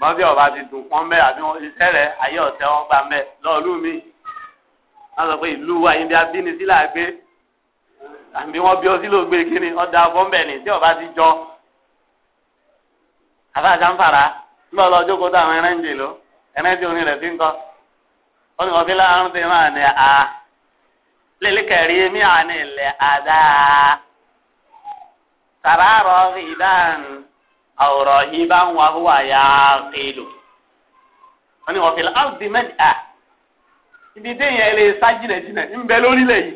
bọ́sẹ̀ ọba ti dùn pọ́n bẹ́ẹ̀ wọ́n sọ pé ìlú wa yìí bí abínisí là gbé àbí wọ́n bí ọtí ló gbé kíni ọ̀dà fọ́nbẹ̀ ni tí ọba ti jọ àfàṣàǹfàrà nígbà ọlọ́ jókòó tó àwọn ẹran jè ló ẹran tí orin rẹ̀ fi ń kọ́ ó ní ọtí láàrín ti máa ní a lélẹ́kẹ̀rí mi à ní ilẹ̀ àdá sàràrọ̀ ìdáhùn àwòrán yìí bá ń wá fún yá kílò ó ní ọtí láàrín ti ibi téèyàn lè sá jìnà jìnà ń bẹ lórílẹ̀ yìí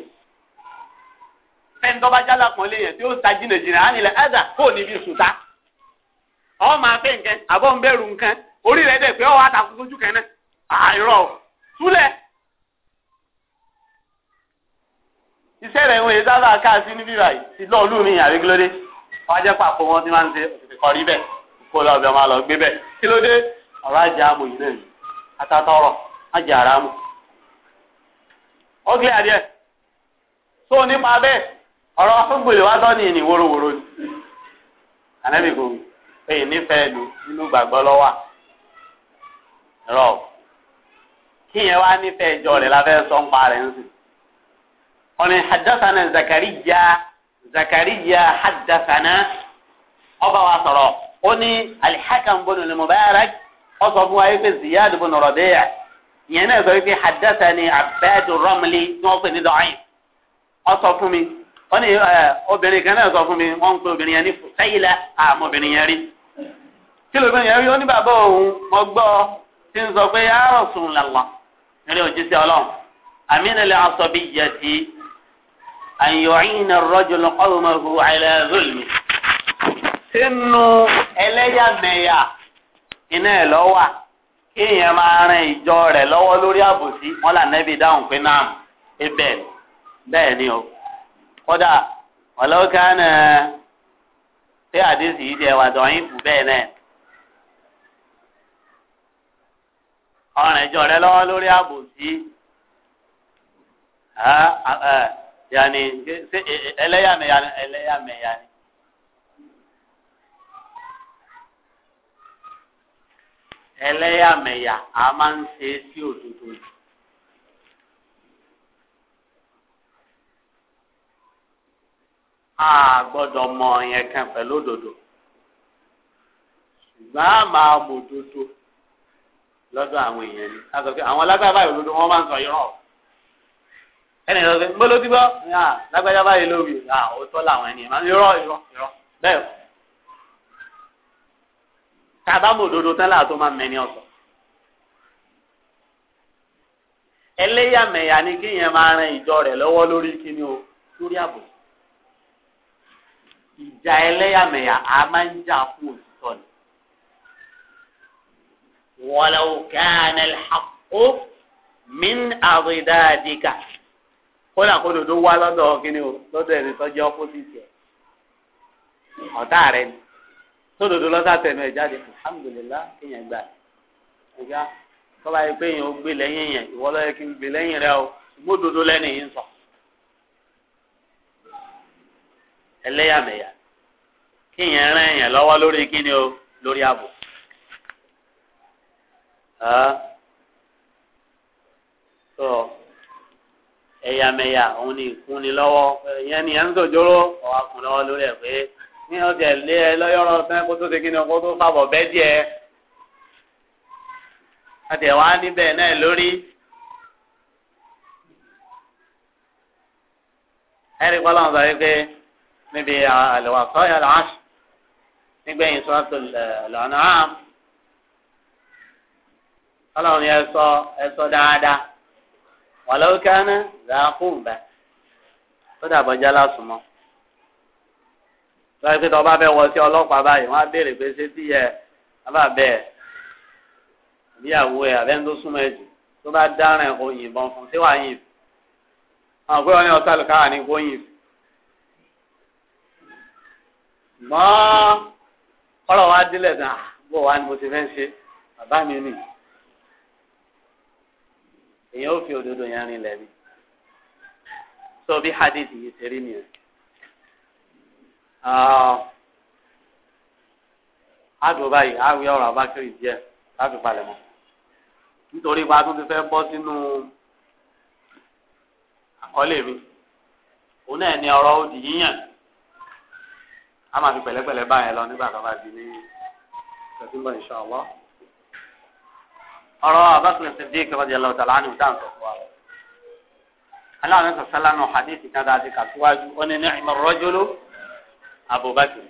fẹ́ni tó bá jálà kan léèyàn tí ó sá jìnà jìnà á nílẹ̀ ẹ̀dà kò níbi sùtá ọ máa fẹ́ nǹkan àbọ̀ ń bẹ̀rù nǹkan orí rẹ̀ dẹ̀ pé ọ wá sójú kan náà iṣẹ́ rẹ̀ sábà káàsì níbí báyìí ti lọ́ọ́ lù mí wọ́n á jẹ́ pàpọ̀ wọn tí wọ́n bẹ́ẹ̀ kó lọ́ọ́ bẹ́ẹ̀ máa lọ gbé bẹ́ẹ̀ kílódé ọ̀rọ̀ náà ni àtàtọ̀rọ̀ ó gbé so tó nípa bẹ́ẹ̀ ọ̀rọ̀ afúgbòlè wa dọ́ni ní wóróworó ni ànábì n'i pé ìnífẹ̀ẹ́ lu nínú gbàgbọ́ lọ́wà rọ kíyẹn wá nífẹ̀ẹ́ ìjọ rẹ̀ láfẹ́ sọ ń pa ń sìn ọ̀nà hadathana zakariya zakariya hadathana ọba wa sọ̀rọ̀ ó ní alihakam bọ́nu ni mubarak sọ fún wa yìí pé ziyad bọ́nu rọ̀bẹ́yà. yẹn náà sọ wípé hadasa ni abẹ́ẹ̀dù rọ́mìlì tí wọ́n pè ní dọ̀ọ́yìn ọ sọ fún mi ó ní obìnrin kan náà sọ fún mi wọ́n ń pe obìnrin yẹn ní fùsẹ́yìlá àmọ́ obìnrin yẹn rí kí lóbìnrin yẹn rí ó ní bàbá òun mo gbọ́ tí ń sọ pé ya Rasulullah nílé òjíṣẹ́ ọlọ́run àmínà lè aṣọ bí ìyá ti àyọ̀yìn ar sínú ẹlẹ́yàmẹ̀yà iná ẹ̀ lọ́wọ́ kéèyàn máa rin ìjọ rẹ lọ́wọ́ lórí àbòsí wọn là nẹ́bí dáhùn pé náà ẹ bẹ́ẹ̀ ni o kódà ọlọ́kàn ṣé àdéhùn yìí jẹ́ wàdàn yín kù bẹ́ẹ̀ náà ọ̀rìn ìjọ rẹ lọ́wọ́ lórí àbòsí yàní ẹlẹ́yàmẹ̀yà ni ẹlẹ́yàmẹ̀yà a máa ń ṣe é sí òdodo yìí. a gbọ́dọ̀ mọ yẹn kan pẹ̀lú òdodo ṣùgbọ́n a máa mọ òdodo lọ́dọ̀ àwọn èèyàn ni a sọ pé àwọn lágbára báyìí òdodo wọn máa ń sọ yìí rọ̀ ẹnì kan sọ pé ń bọ́ ló ti gbọ́ lágbára báyìí lórí òótọ́ làwọn ènìyàn máa ń irọ́ irọ́ bẹ́ẹ̀ tàbá mọ òdodo tán láàtó máa mẹni ọsọ ẹlẹ́yàmẹ̀yà ni kéèyàn máa ran ìjọ rẹ̀ lọ́wọ́ lórí kíni o lórí ààbò ìjà ẹlẹ́yàmẹ̀yà a máa ń jà fún òtítọ́ ni. walau kana al-haqqu min àrídáàdìkà kódà kó dodo wá lọ́dọ̀ kíni o lọ́dọ̀ ẹni tọ́jú ọpọ́sìtì ẹ̀ ọ̀tá rẹ̀ ni sódòdó lọ́sà tẹ̀nu ẹ̀ jáde alhamdulillah kéèyàn gbà ẹ̀gá tọ́ba yìí pé èèyàn ó gbé lẹ́yìn yẹn ìwọ lọ́yẹ kí n gbé lẹ́yìn rẹ o ṣùgbọ́n òdodo lẹ́nu yìí ń sọ. ẹlẹ́yàmẹ̀yà kéèyàn rán èèyàn lọ́wọ́ lórí kíni o lórí ààbò. sọ ẹ̀yàmẹ̀yà òun ni ìkúnni lọ́wọ́ ìyẹn ni ẹ̀ ń sọ̀jọ́rọ̀ ọ̀wá kùn lọ́wọ́ lórí ẹ̀ pé ní ọjà ilé ẹ lọ́yọ́rọ́ fẹ́ kó tó ṣe kí ni kó tó fàbọ̀ bẹ́ẹ̀ díẹ̀ àti ẹ̀wọ̀n á níbẹ̀ náà lórí. ẹ̀rí kọ́lá ń sọ wípé níbi àlùwà sọ́yà làásù nígbẹ̀yìn sọ́tò lọ́nà àm ọlọ́run yẹn sọ ẹ sọ dáadáa wàlọ́kánná làákùnbà ó dàbọ̀ jálá sùnmọ́ lọ́wọ́ pé tọ́ba fẹ́ wọ sí ọlọ́pàá báyìí wọ́n á béèrè pé ṣé tí yẹ bàbá bẹ́ẹ̀ ìyàwó ẹ̀ abẹ́ni tó súnmọ́ ẹ jù tó bá dáràn ẹ̀ kò yìnbọn fún ṣé wàá yìn fún àwọn pé wọ́n ní ọ̀tá lùkárà ní kò yìn fún. mọ́ ọ̀rọ̀ wa dílẹ̀ tán ah, bó wa ni mo ti fẹ́ ṣe bàbá mi nì èèyàn ò fi òdodo yẹn rinlẹ̀ mi sọ bí hadith yìí ṣe rí nìyẹn. Ah, àdùn báyìí àwìn ọ̀rọ̀ abákẹ́rì díẹ̀ láti palẹ̀ mọ́ nítorí ipa tó ti fẹ́ bọ́ sínú àkọlé mi òun náà ni ọ̀rọ̀ òdì yíyàn a máa fi pẹ̀lẹ́pẹ̀lẹ́ bá yẹn lọ nígbà tó bá di ní sẹ́túmbọ̀ ìṣọ̀wọ́ ọ̀rọ̀ abákẹ́rì ti dín kẹfà díẹ̀ lọ́wọ́ tàlá ní ìdáhùn tó fún wa aláàánú sọ̀sálánù hadith kan dáadé kàtúwájú ó ní ní ìmọ̀ rọ́jòló. Abubakar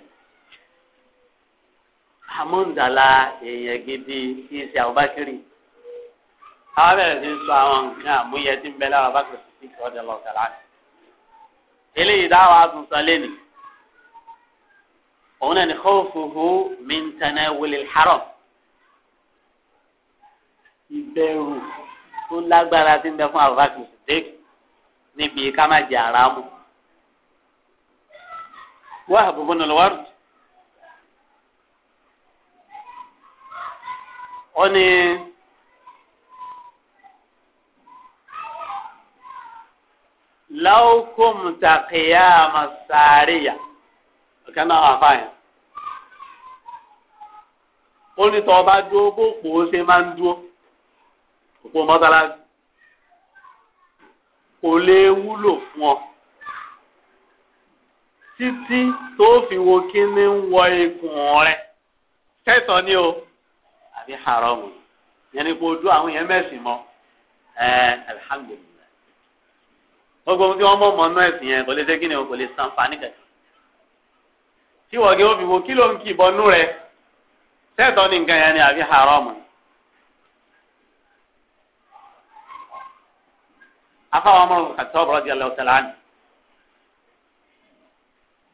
amúndàlá èèyàn gidi kì í ṣe Abubakar àwọn bẹ̀rẹ̀ sí sọ àwọn nǹkan àmúyẹ tí ń bẹ láwọn Abubakar sì kí ọjà lọ kàlá ni eléyìí dáhùn àtúntò lẹ́nu òun náà ni khawfuhu min tanawul al-haram ìbẹ̀rù tó lágbára tí ń bẹ fún Abubakar sì dé níbi ká má jẹ àrà mú. Wahab ibn al-Ward ó ní laukum taqiyama sariya ọ̀kan náà wà fáyà ó ní tọ́ ọba dúró bó pò ó ṣe máa ń dúró òpó mọ́tàlá kò lè wúlò fún ọ títí tó fi wo kíní ń wọ ikùn rẹ̀ kẹsàn ni o àbí haramu yẹn ni kò dún àwọn yẹn mẹ́sìn mọ́ ẹ alihamudulilayi gbogbo ohun tí wọ́n mọ̀ mọ́ náà ẹ̀sìn yẹn kò lè ṣe kíni o kò lè sanfàní kẹ̀kẹ́ tí wọ́n gé òfin wo kí ló ń kí ìbọn nú rẹ̀ sẹ́ẹ̀tọ́ ni nǹkan yẹn ni àbí haramu ni. afáwọn ọmọ rẹ̀ kàtọ́ bọ̀rọ̀ di ọlọ́ọ̀tẹ̀ láàánú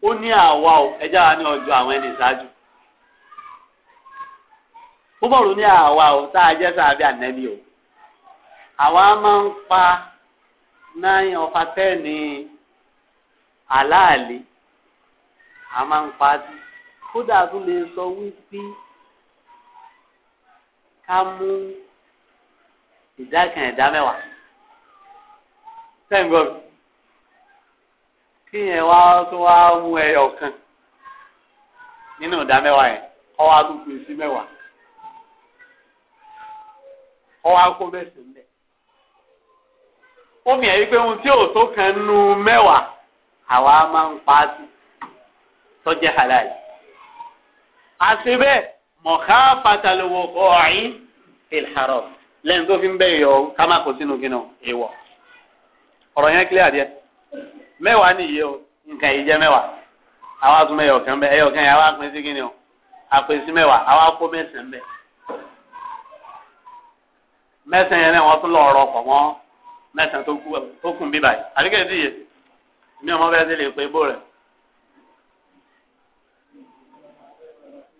ó ní àwa o ẹjá wa ní ọjọ́ àwọn ẹni ìṣáájú búbọ̀rù ní àwa o tá a jẹ́ sáà bí ànẹ́bí o àwa máa ń pa náírà ọ̀fà tẹ́ẹ̀nì aláàlí a máa ń pa sí kódà tún lè sọ wípé ká mú ìdá kan ẹ̀dá mẹ́wàá sẹ́ńgọ́bì. kí yẹn wá tó wá mú ẹyọ nínú ìdá mẹ́wàá yẹn kọ́ wá tó pè mẹ́wàá kọ́ wá kó bẹ́ẹ̀ sí pé ohun tí ò tó kan nu mẹ́wàá àwa máa ń pa á sí tọ́jẹ́ halal. àti bẹ́ẹ̀ mọ̀ká pàtàlówó ọ̀ọ́yìn ìlhàrọ̀ lẹ́yìn tó fi ń bẹ́ẹ̀ yọ ká má kó sínú kí náà èèwọ̀ ọ̀rọ̀ yẹn kílẹ̀ àdìẹ. mẹ́wàá nìyí o nǹkan yìí jẹ́ mẹ́wàá àwa tún mẹ́yọ̀ kan bẹ́ẹ̀ ẹ̀yọ̀ kan yẹn àwa pín sí kíni o àpín sí mẹ́wàá àwa kó mẹ́sàn-án bẹ́ẹ̀ mẹ́sàn-án yẹn náà wọ́n tún lọ́ọ́ rọpọ̀ mọ́ mẹ́sàn-án tó kún bíbá yìí àdékẹ́ ti yẹ mi ò mọ bẹ́ẹ̀ sí lè pe bó rẹ̀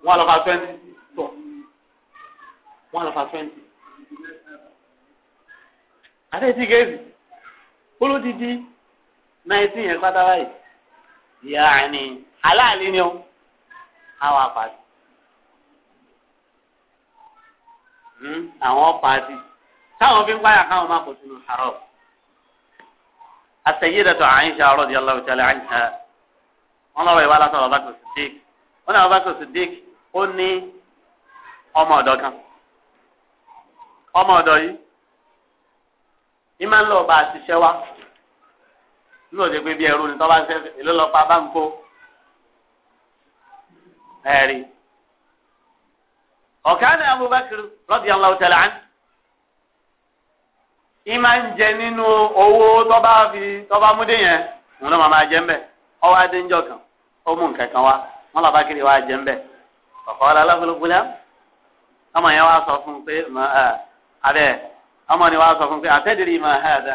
wọ́n lọ fa twenty tó wọ́n lọ fa twenty àdéhìí ti gẹ́gẹ́ olódìdí. nineteen yẹn pátá báyìí yaani aláàlí ni ó àwọn apàtì hmm, àwọn pàtì táwọn fi ń pààyà káwọn máa kó sínú haram asèyídàtò Àìṣà radiyallahu ta'ala wọn lọ wọ ìwà lásán ọba kò wọn náà ọba kò Siddiq ó ní ọmọ kan ọmọ ọ̀dọ̀ yìí ìmọ̀ ńlọ ọba àti ní òde pé bí ẹrú ni tọ́ba èló lọ pa báńkó ẹ̀rí. ọ̀kan ní Abubakar ìmá ń jẹ nínú owó tọ́ba fi tọ́ba múdé yẹn òun náà máa jẹ́ ń ọwọ́ adé kan ó mú nǹkan kan wá wọn kiri wá jẹ́ ń ọ̀kọ́ ọ̀la ọmọ yẹn wá sọ fún un pé ọmọ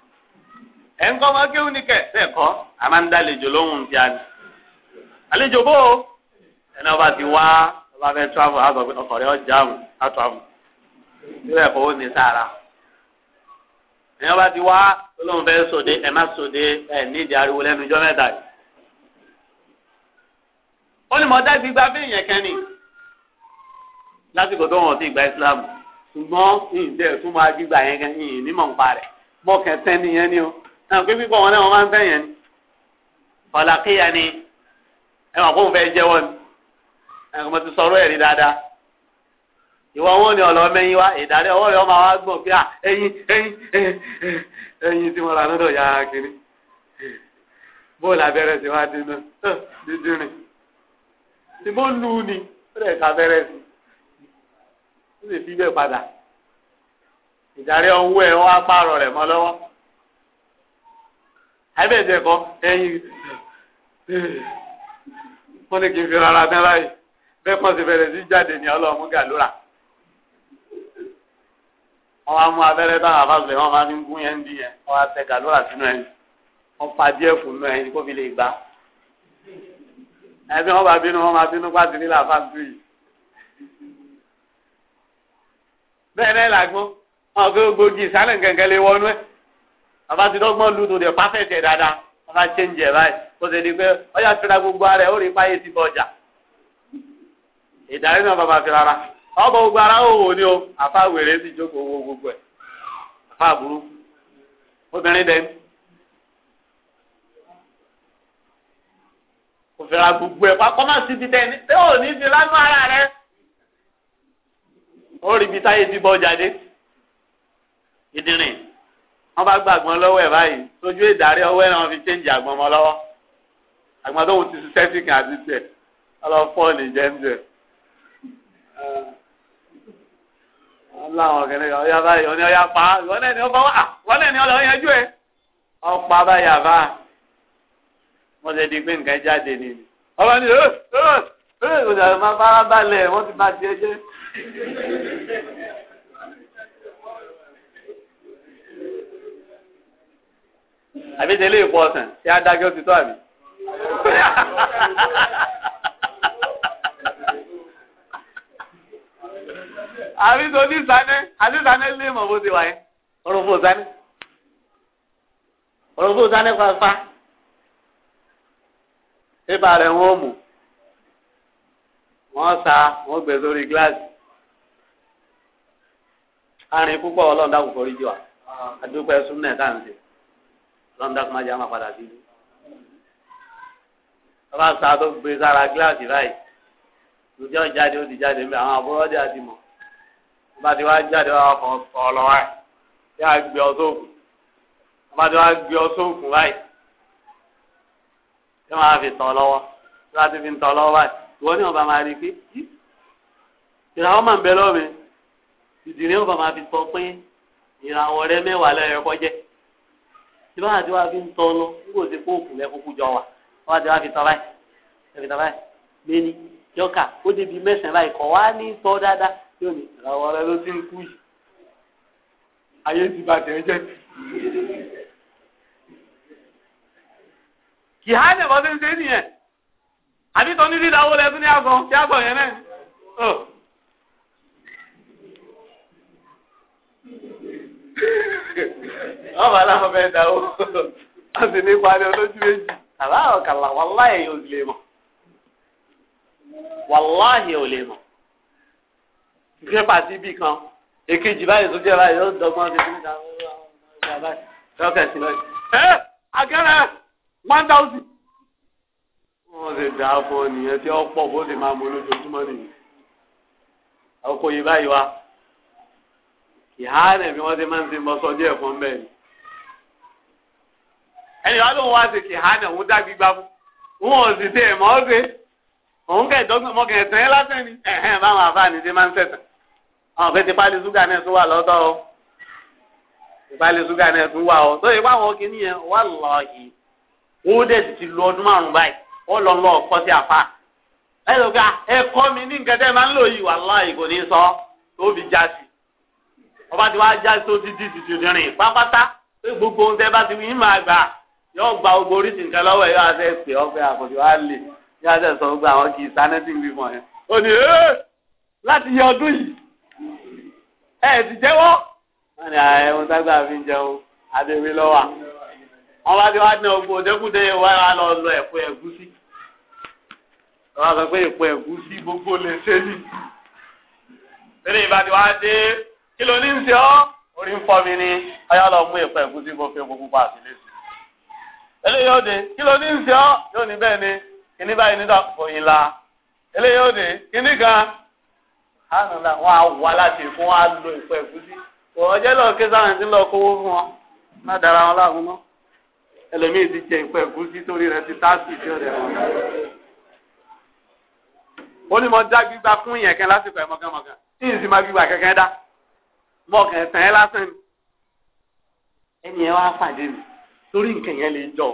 ẹ̀ ń kọ́ ọmọ kéwù ní kẹ̀ bẹ́ẹ̀ kọ́ a máa ń dá àlejò lóhùn ti àná àlejò bó ẹni ọba ti wá ọba fẹ́ travel àgbà pé ọkọ̀ rẹ̀ ọjà àmù àtọ̀ àmù níbẹ̀ kọ́ ó ní sára ẹni ọba ti wá olóhùn fẹ́ sòde ẹ̀ má sòde ẹ̀ nídìí ariwo lẹ́nu ijọ́ mẹ́ta yìí ó ní mọ̀ọ́dá gbígbá bí ìyẹn kẹ́ni lásìkò tó wọn ti gba Islam ṣùgbọ́n ìyìn tẹ̀ tún máa gbígbà yẹn kẹ́ni ìyìn nímọ̀ ń parẹ̀ mọ́kẹ́tẹ́ nìyẹn ni o náà pé pípọ̀ wọn náà wọ́n máa ń fẹ̀yàn ni ọ̀làkìyà ni ẹ mọ̀ kó n fẹ́ jẹ́wọ́ ni ẹ mo ti sọ̀rọ̀ ẹ̀rí dáadáa ìwọ wọn ni ọ̀lọ́ mẹ́yìn wá ìdarí ọwọ́ rẹ̀ ọmọ wa gbọ̀n pé à ẹyin ẹyin ẹyin tí mo rà lọ́dọ̀ ya kiri bóòlù abẹ́rẹ́ ti wá dín náà dídín rìn tí mo lù ú ni ó lè ka abẹ́rẹ́ sí ó lè fi bẹ́ẹ̀ padà ìdarí ọwọ́ ẹ̀ wọ́n á pààrọ̀ rẹ̀ mọ́ lọ́wọ́ àbẹ̀dẹ̀ kọ́ ẹyin wọ́n ní kí n fi rárá tán láyè bẹ́ẹ̀ kọ́ sí bẹ̀rẹ̀ sí jáde ní ọlọ́mú gàlúrà wọ́n wá mú abẹ́rẹ́ táwọn afáfẹ́ wọn máa ń gún yẹn dín yẹn wọ́n wá tẹ gàlúrà sínú ẹyin wọ́n fa díẹ̀ fún inú ẹyin kó fi lè gbá ẹbí wọn bá bínú wọn máa bínú pàtì nílà fáńtù yìí bẹ́ẹ̀ náà làgbọ́n wọn kò gbòógì sálẹ̀ kẹ̀kẹ́ lè wọnú ẹ̀. bàbá ti dọ́gbọ́n lu tó ṣe ń jẹ báyìí kó ṣe di pé fira gbogbo ara ẹ̀ ó rí páyé ti bọ̀ ọjà ìdarí náà bàbá ọbọ̀ gbogbo ara o àfa wèrè ti jókòó gbogbo ẹ̀ àfa àbúrú obìnrin kò fira gbogbo ẹ̀ ò ní fi ara rẹ̀ ó rí táyé ti bọ̀ ọjà dé wọ́n bá gba àgbọn lọ́wọ́ ẹ̀ báyìí lójú ìdarí ọwọ́ ẹ̀ náà fi chéǹjì àgbọn mọ́ lọ́wọ́ àgbọn tó ń ti ṣiṣẹ́ sí kan àti tiẹ̀ ọlọ́fọ́ọ̀lì jẹ́ ń jẹ́ láwọn kẹlẹ kan ọyá báyìí ọ ní ọyá pa ìwọ náà ni ó bá wà wọn náà ni ó lọ yanjú ẹ ọpa báyà bá wọn ṣe di pé nǹkan jáde ni ọba ni ó ó ó ìgbésẹ̀ máa fara balẹ̀ wọ́n ti bá tiẹ̀ jẹ́. àbí tẹ̀lé ìpọ̀ ọ̀sán tí a dájọ́ ti tó àbí. àbí tó ní sani àti sani lé mọ̀ bó ti wà yẹn orúfó sani orúfó sani pàpà pépà rẹ̀ wọ́n mú wọ́n sa wọ́n gbé sórí gíláàsì arìn púpọ̀ ọlọ́run dákùn forí jù wá àdúpẹ́ súnmọ́ ẹ̀ tá à ń ṣe lọ́ńdà kó má jẹ́ àwọn àpàdà sí ibú. bàbá sá tó gbé sára gíláàsì báyìí lójú ọ̀jáde ó ti jáde mbẹ àwọn àbúrò ọdẹ àti mọ̀ bàbá tí wàá jáde wàá fọ ọ̀lọ́ wa yà á gbé ọ sóòkù bàbá tí wàá gbé ọ sóòkù báyìí yà máa fi tọ̀ lọ́wọ́ tí wàá ti fi tọ̀ lọ́wọ́ báyìí ìwọ ni ọba máa rí pé ìràwọ̀ máa ń bẹ lọ́ọ̀mẹ́ ìdílé ọba máa fi sọ pé ìràwọ̀ rẹ mẹ́wàá lẹ́yọ kọjẹ́. tí wọn àti fi ń tí kóòpù rẹ jọ wà wọn àti wọn fi tán báyìí ẹbí tán báyìí méní jọkà ó débi mẹsàn-án báyìí wá ní tọ dáadáa ní ló ti ń kú yìí ayé ti tẹ̀ jẹ́. ọmọ aláwọ̀ bẹ́ẹ̀ dáwó wọ́n sì ní parí olójú méjì aláwọ̀ kàlà wàláhì ò lè mọ̀ wàláhì ò lè mọ̀ ìfẹ́ pàtí bì kan èkejì báyìí tó jẹ́ báyìí ó dọ́gbọ́n ti fi ń dáwó báyìí lọ́kẹ̀ sí lọ́kẹ̀. ẹ agẹ́rẹ́ one thousand. wọ́n ti dà á fún ọ nìyẹn tí ó pọ̀ bó ti máa mú olójoojúmọ́ nìyẹn. ọkọ̀ yìí báyìí wá ìhánẹ̀ bí wọ́n ti máa ń sin bọ́ sọ díẹ̀ fún bẹ́ẹ̀ ni. ẹnì wá lóun wá sí kí ìhánẹ̀ òun dá gbígbá fún òun ò sì ṣe ẹ̀mọ́ ṣe òun kẹ̀ dọ́gbọ̀n mọ́ kẹ̀ tẹ́ lásán ni ẹ̀hẹ́n báwọn àfáàní ti máa ń sẹ̀tàn àwọn fẹ́ ti pálí ṣúgà náà tún wà lọ́dọ̀ o ìpálí ṣúgà náà tún wà o lóye báwọn kìíní yẹn wà lọ́ọ̀yì ó dẹ̀ ti lu ọdún márùn-ún báyìí ó lọ ẹ lọ mi ní nǹkan tẹ́ máa ń lò yìí wà lọ́ọ̀yì ní sọ tóbi já sí ọba ti wá já tó títí títí obìnrin pápátá pé gbogbo ohun tẹ bá ti yín máa gbà yóò gba gbogbo oríṣi nǹkan lọ́wọ́ ẹ̀ yóò àṣẹ pé ọgbẹ́ àkọ́jọ́ á lè yóò àṣẹ sọ gbogbo àwọn kì í sáné tí ń wí fún ẹ. ó ní ee láti yẹ ọdún yìí ẹ ti jẹ́wọ́. wọ́n ní ààrẹ wọn sábà fi ń jẹun adéwé lọ́wà. wọ́n bá ti wá dín ọgbọ́n òdẹ́kùdé wa lọ lọ ẹ̀fọ́ ẹ̀gúsí. wọ́n á sọ pé ẹ̀fọ́ ẹ̀gúsí gbogbo lè ṣe ni. tẹ́lẹ̀ ìbá kí ló ní ń ṣe ọ́ orí ń fọ́ mi ni ayá lọ mú ìpẹ́ ẹ̀gúsí mo fi epo pupa àti lẹ́sì. eléyìí òde kí ló ní ń ṣe ọ́ yóò ní bẹ́ẹ̀ ni kíní báyìí nígbà fòyìn la eléyìí òde kíní kan ànàlà wọn á wà láti fún wa lo ìpẹ́ ẹ̀gúsí ọjọ́ lọ ké sáwọn ti lọ kówó fún ọ má dara wọn láàmú náà ẹlòmíì ti jẹ ìpẹ́ ẹ̀gúsí torí rẹ ti táàsì tí ó rẹ wọn. ó ní mo dá gbígbá fún ìyẹn kan lásìkò ẹ̀ mọ̀gánmọ̀gán tí ì sì máa gbígbà kẹ́kẹ́ mọ kẹsàn án lásán ẹni yẹn wá pàdé mi torí nǹkan yẹn lè jọ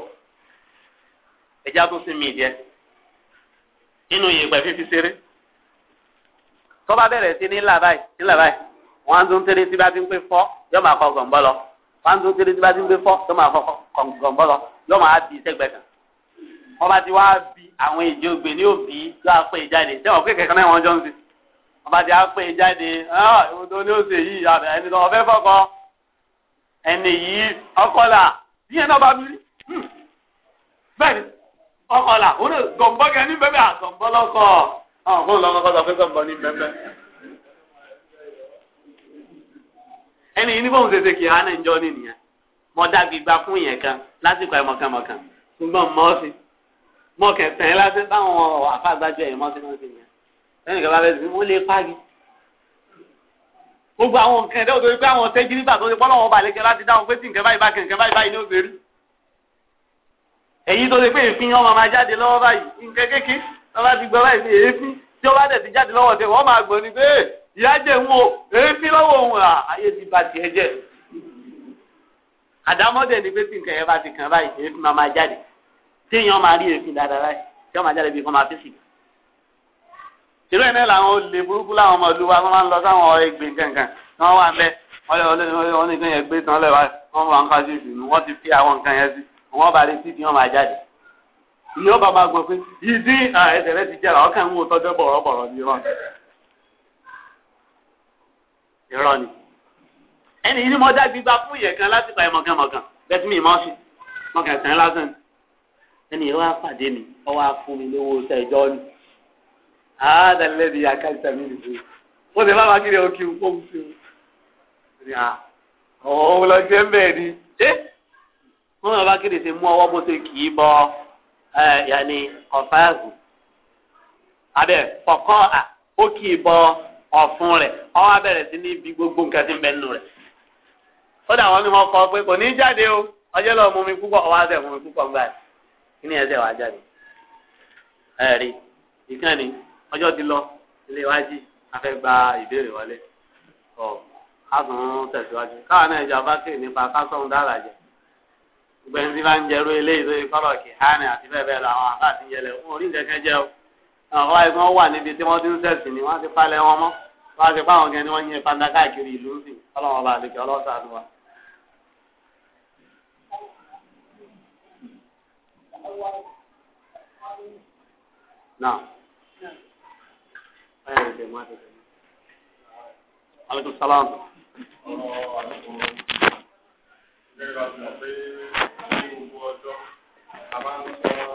ẹjá tó sin mi nínú ìyẹ̀pẹ̀ fífi ṣeré tọ́ba bẹ̀rẹ̀ sí ní làbáyì ní làbáyì wọ́n tún tẹ́lẹ̀ tí bá ti ń pé fọ́ yóò máa kọ gọ̀ǹbọ́ lọ wọ́n tún tẹ́lẹ̀ tí bá ti ń pé fọ́ yóò máa kọ gọ̀ǹbọ́ lọ yóò máa bì í sẹ́gbẹ̀ẹ́ kan wọ́n bá ti wá bí àwọn ìjọ ní òbí lọ́wọ́ pé ìjáde tẹ́wọ̀n pé kẹ̀kẹ́ náà wọ́n jọ ń sìn ọba tí a pè é jáde ọ̀hún ah, ní oṣù yìí ẹni tó ọ̀fẹ́ fọ́kọ ẹni yìí ọkọlà yíyan náà bá mi rí hmm. bẹ́ẹ̀ni ọkọlà òun náà gọ̀ǹbọ́ kẹ́ ní bẹ́ẹ̀ àgọ̀ǹbọ́ lọ́kọ̀ ọ̀hún lọ́kọ̀ sọ pé gọ̀ǹbọ́ ní bẹ́ẹ̀ ẹni yìí ní bóun ṣe ṣe kì í hánà ìjọ ní nìyẹn mo dàbí gba fún yẹn kan lásìkò ẹ̀ mọ̀kànmọ̀kàn ṣùgbọ́n mọ́ọ̀sì mọ̀kẹ̀tẹ̀ lásìkò báwọn àfàgbájọ ẹ̀ mọ́ọ̀sì náà ṣe yẹn lẹ́yìn ìjọba bẹ́ẹ̀ sì wọ́n lè pagi. gbogbo àwọn nǹkan ẹ̀dá òtò pé àwọn ṣẹ́jú nígbà tó ti pọ́ lọ́wọ́ balẹ̀ kí láti dáhùn pé tí nǹkan báyìí bá kí nǹkan báyìí báyìí ní òbẹ̀rù. èyí tó ti pé ìfin ọmọ máa jáde lọ́wọ́ báyìí nǹkan kéèké lọ́wọ́ ti gbọ́ báyìí èéfín tí ó bá dẹ̀ ti jáde lọ́wọ́ tẹ̀ wọ́n máa gbọ́ ni pé ìyá jẹ̀ ń wo èéfín lọ́wọ́ òun à ayé ti ba tiẹ̀ jẹ́ àdámọ́dẹ̀ ni tí nǹkan máa rí èéfín dáadáa báyìí tí wọ́n máa jáde bí kò máa fi sìkì irú ẹ̀ náà làwọn olè burúkú làwọn ọmọ ìlú wa máa ń lọ sáwọn ẹgbẹ́ kankan wọ́n wà bẹ́ẹ̀ wọ́n ní nǹkan yẹn gbé tán lẹ́wà wọ́n máa ń ká sí ìdùnnú wọ́n ti fi àwọn nǹkan yẹn sí wọ́n bá rí títí wọ́n máa jáde. ìyẹn ọba máa gbọ́ pé ìdí ẹsẹ̀ rẹ ti jẹ́ra ọkàn ń wo tọ́jọ́ bọ̀rọ̀bọ̀rọ̀ ní irọ́ ni. irọ́ ni. ẹni yìí ni mo dá gbígbá fún ìyẹn kan láti pa ẹ̀mọ̀kan mọ̀kan bẹ́tí mi mọ́ sí mọ̀kàn sẹ́yìn lásán. ẹni àádà lẹ́bi àkàtà mi nìbò ó ti báwa kiri òkè òkò òkè òkè òun lọ jẹ́ bẹ́ẹ̀ ni ṣé wọ́n bá bá kiri ti mú ọwọ́ bó ṣe kì í bọ yanni ọ̀fáàgù abẹ fọkọ́ à ó kì í bọ ọ̀fun rẹ̀ ọwọ́ abẹ̀rẹ̀ sí ní ibi gbogbo nǹkan tí ń bẹ nínú rẹ̀ ó dà wọ́n ní wọ́n kọ́ pé kò ní jáde o ọjọ́ lọ mú mi púpọ̀ ọwọ́ àti ẹ̀mú mi púpọ̀ ń gbà kí ni ẹsẹ̀ wàá jáde ẹ̀rí ìkànnì ọjọ́ ti lọ ilé afẹ́ gba ìbéèrè wọlé ọ kásán tẹ̀síwájú káwọn náà ìjọba nípa kásán dára jẹ gbẹ̀nsì bá ń jẹrú eléyìí tó yẹ kọ́lọ̀ kì hánì àti bẹ́ẹ̀ bẹ́ẹ̀ lọ àbá àti ìyẹlẹ̀ fún orí kẹ̀kẹ́ jẹ́ o àwọn ọ̀rọ̀ ìgbọ́n wà níbi tí wọ́n ti ń sẹ̀sìn ni wọ́n ti palẹ̀ wọn mọ́ wọ́n ti fáwọn kẹ́ni wọ́n yẹ fanda káàkiri ìlú sí ọlọ́wọ́n bá àlejò ọlọ́sàánú wa. náà. Aleykum salaam. Ọ̀rọ̀ ọ̀rọ̀ pé ní gbogbo ọjọ́, a máa ń sọ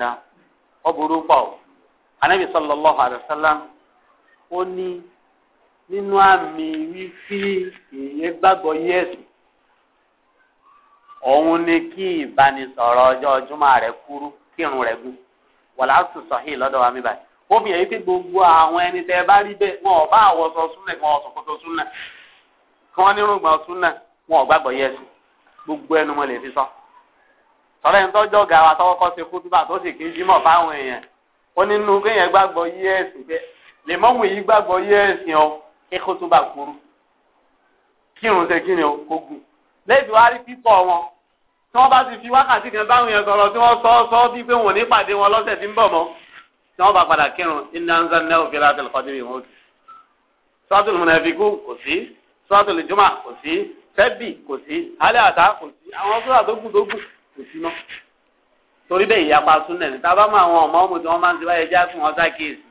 Ọ bụrụ burú pa o anabi sallallahu alayhi wa sallam ó ní nínú àmì ni kí ìbánisọ̀rọ̀ ọjọ́ kúrú kírun wàlá lọ́dọ̀ wa mi báyìí ó fi hàn pé gbogbo àwọn ẹni tẹ́ bá rí bẹ́ẹ̀ wọn ò bá àwọsọ súnlẹ̀ wọn ò sọ̀kòtò súnlẹ̀ kí wọ́n súnlẹ̀ gbogbo ẹnu lè fi sọ. tọ́lẹ̀ ń tọ́jọ́ ga wa tọ́wọ́ kọ́ ṣe kútúbà tó sì kí jímọ̀ fáwọn èèyàn ó ní inú kéèyàn gbàgbọ́ yí ẹ̀sìn pé lè mọ́mù yìí gbàgbọ́ yí ẹ̀sìn ọ kí kútúbà kúrú kírun ṣe kí ni ó gùn lẹ́yìn wá rí pípọ̀ wọn tí wọ́n bá ti fi wákàtí kan báwọn èèyàn sọ̀rọ̀ tí wọ́n sọ sọ bíi pé wọn ò ní pàdé wọn lọ́sẹ̀ tí ń bọ̀ mọ́ tí wọ́n bá padà kírun iná ń zan náà fìlà àti lọ́kọ́dé ìwọ̀n òkè sọ́tò mùnàfíkù kò sí sọ́tò lìjùmọ̀ kò sí fẹ́bì kò sí alẹ́ àtà kò sí àwọn sọ́tò àdógùn tó gùn kò sí náà torí bẹ́ẹ̀ ìyapa súnlẹ̀ ní tá a bá mọ àwọn ọmọ ọmọ tí wọ́n máa ń ti wáyé já fún wọn sákèésì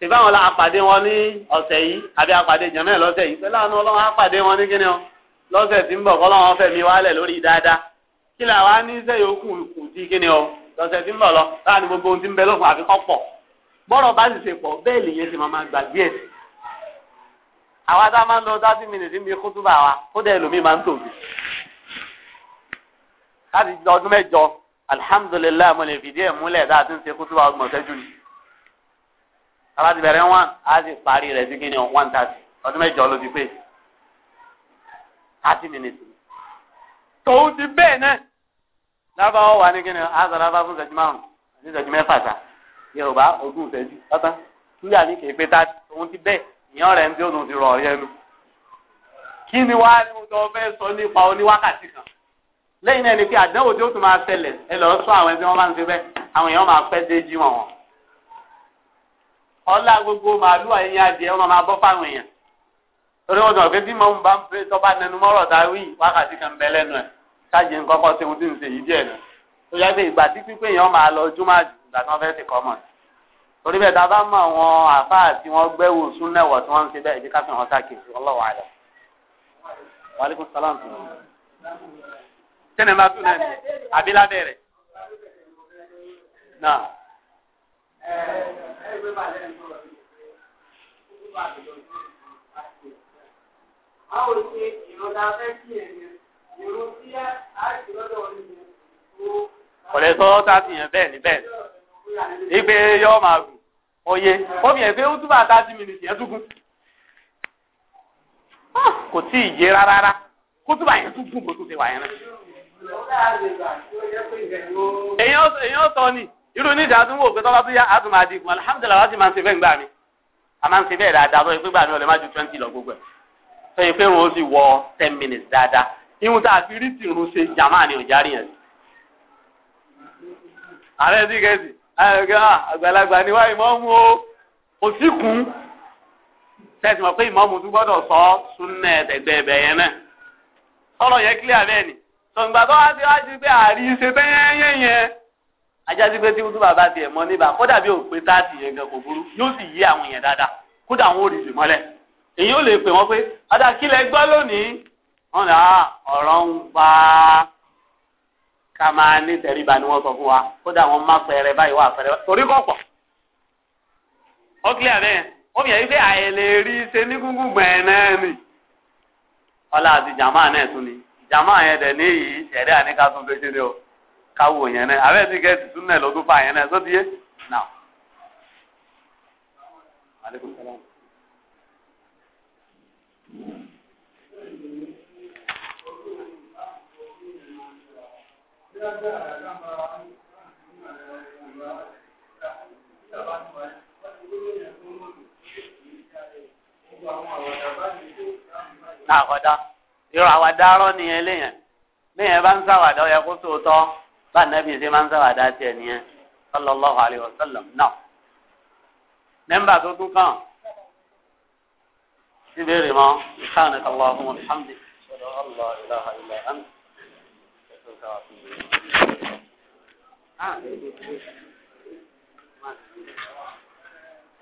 ṣèbí àwọn apàdé wọn ní ọ̀sẹ̀ yìí àbí apàdé jẹ̀mẹ́ lọ́sẹ̀ yìí pẹ̀lú àwọn ọlọ́run apàdé wọn ní kíni o lọ́sẹ̀ tí ń bọ̀ kọ́ lọ́wọ́ fẹ̀mí wálẹ̀ lórí dáadáa kí là wá ní iṣẹ́ yòókù kù sí kíni o lọ́sẹ̀ tí ń bọ̀ lọ láàrin gbogbo ohun tí ń bẹ lókun àfi kọ́ pọ̀ bọ́rọ̀ bá sì ṣe pọ̀ bẹ́ẹ̀ lèyẹn ti máa gbàgbé ẹ̀ àwa tá a máa ń lọ thirty minutes níbi kútúbà wa kó dẹ̀ lómi máa ń tòbi láti ọdún mẹ́jọ alihamudulilayi mo lè fìdí ẹ̀ múlẹ̀ dáa tí ń ṣe kútu àwọn ọgbọ̀n sẹ́jú ni àbá ti bẹ̀rẹ̀ wọn á sì parí rẹ̀ sí kíni one thirty ọdún mẹ́jọ ló ti pé thirty minutes. tòun ti bẹ́ẹ̀ náà lábàá wà ní kíni àzọ lábàá fún ìṣẹ́jú márùn-ún àti ìṣẹ́jú mẹ́fà sá yorùbá ogún ìṣẹ́jú lọ́tàn nígbà ní kì í tòun ti bẹ́ẹ̀ ìyàn rẹ̀ ń tí ó tún ti rọ̀ ọ̀rẹ́ ẹnu. kí ni wàá ní mo tọ́ fẹ́ sọ nípa oníwákàtí kan lẹ́yìn náà ni pé àdánwò tí ó tún máa tẹ̀lẹ̀ ẹ lọ sọ àwọn ẹbí wọn bá ń ṣe bẹ́ẹ̀ àwọn èèyàn máa pẹ́ dé jí wọn. ọlá gbogbo màálù ẹ̀yìn adìẹ wọn máa bọ́ fáwọn èèyàn. torí wọn dàn pé bí mo bá ń pè tó bá nẹnu mọ́rọ̀ tá a wí wákàtí kan bẹ lẹ́nu ẹ̀ káàjì nkọ́kọ́ tí mo ti ń ṣe yìí díẹ̀ nù. tó yẹ pé ìgbà tí pípé èèyàn máa lọ júmọ́ ìgbà tí wọ́n fẹ́ ti kọ́ mọ̀ torí bẹ́ẹ̀ a bá mọ àwọn àfáà tí wọ́n gbẹ́wò súnlẹ̀wọ̀ tí wọ́n ń ṣe bẹ́ẹ̀ ìdí káfíń wọn sáà kìí sí ọlọ́wọ́ àlọ́. wàhálà kò sálàmù tẹ́nẹ̀ bá tún náà ní àbí lábẹ́ rẹ̀. náà. báwo ni ìrọ̀lá fẹ́ kí ẹ̀yẹ ìrún tí a ti lọ́dọ̀ ọ̀rẹ́ mi tó. ọ̀rẹ́ sọ táàtì yẹn bẹ́ẹ̀ ni bẹ́ẹ̀ ni ìgbé yọ máa gùn oyè omi ẹ̀ pé ó túbọ̀ àtàtì mìnìtì yẹn dúgún ah, kò tí ì yé rárá kó túbọ̀ yẹn dúgún bó tún ti wà yẹn náà èyàn sọ ni irú ní ìdádúró òpin tọ́lá tó yá àtúmọ̀ àdìgún alihamudulilayi wàá sì máa ń ṣe bẹ́ẹ̀ gbà mí a máa ń ṣe bẹ́ẹ̀ dáadáa tó yẹ pé gbà mí ọ̀lẹ́ má ju twenty lọ gbogbo ẹ̀ tó yẹ pé òun ó sì wọ ten minutes dáadáa ihun tá a fi rí tìrún ṣe jàmáà ni ọ̀já rí yẹn sí. ààrẹ sì kẹ́sì ah, àgbàlagbà ni wá ìmọ̀ọ́mù o kò sí kún tẹ̀sí mọ̀ pé ìmọ̀ọ́mù tún gbọ́dọ̀ sọ súnnà ẹ̀ẹ́dẹ̀gbẹ̀ ẹ̀bẹ̀ yẹn náà sọ̀rọ̀ yẹn clear bẹ́ẹ̀ ni tọ̀gbà tó wá sí wá sí pé àrí ṣe tẹ́yẹ́yẹ́ yẹn ajásí pé tí wútú bàbá tiẹ̀ mọ́ níbà kódà bí òpè táàtì yẹn gan kò burú yóò sì yí àwọn yẹn dáadáa kódà àwọn ò rí ìlú mọ́lẹ̀ èyí ò lè pè wọ́n pé ọ̀dà kí lẹ gbọ́ lónìí wọn là á ọ̀rọ̀ ń pa ká máa ní tẹríba ni wọ́n sọ fún wa kódà wọn má pẹrẹ báyìí wà pẹrẹ torí kọ̀ pọ̀ ó kílẹ̀ bẹ́ẹ̀ ó bìyà yí pé àyè lè rí ṣe ní gúngún gbẹ̀ẹ́ náà ni ọlá àti jàmáà náà tún ni jàmá yẹn dẹ̀ ní yìí ẹ̀rẹ́ àníkàtún fèsì ni o káwọ yẹn náà àbẹ́ ti kẹ́ tuntun náà lọ́dún fà yẹn náà sọ́dí yé nà. Nàkọ́dá irọ́ àwàdárọ́ nìyẹn léyìn léyìn bá ń ṣàwàdà ọ̀yà kó sòótọ́ bá nàbì ṣe máa ń ṣàwàdà tiẹ̀ nìyẹn sallallahu alayhi wa sallam náà. nẹ́mbà tó tún kàn síbèrè mọ́ ìkànnì kàlọ́hùn alhamdulilayi. Allah ilaha illa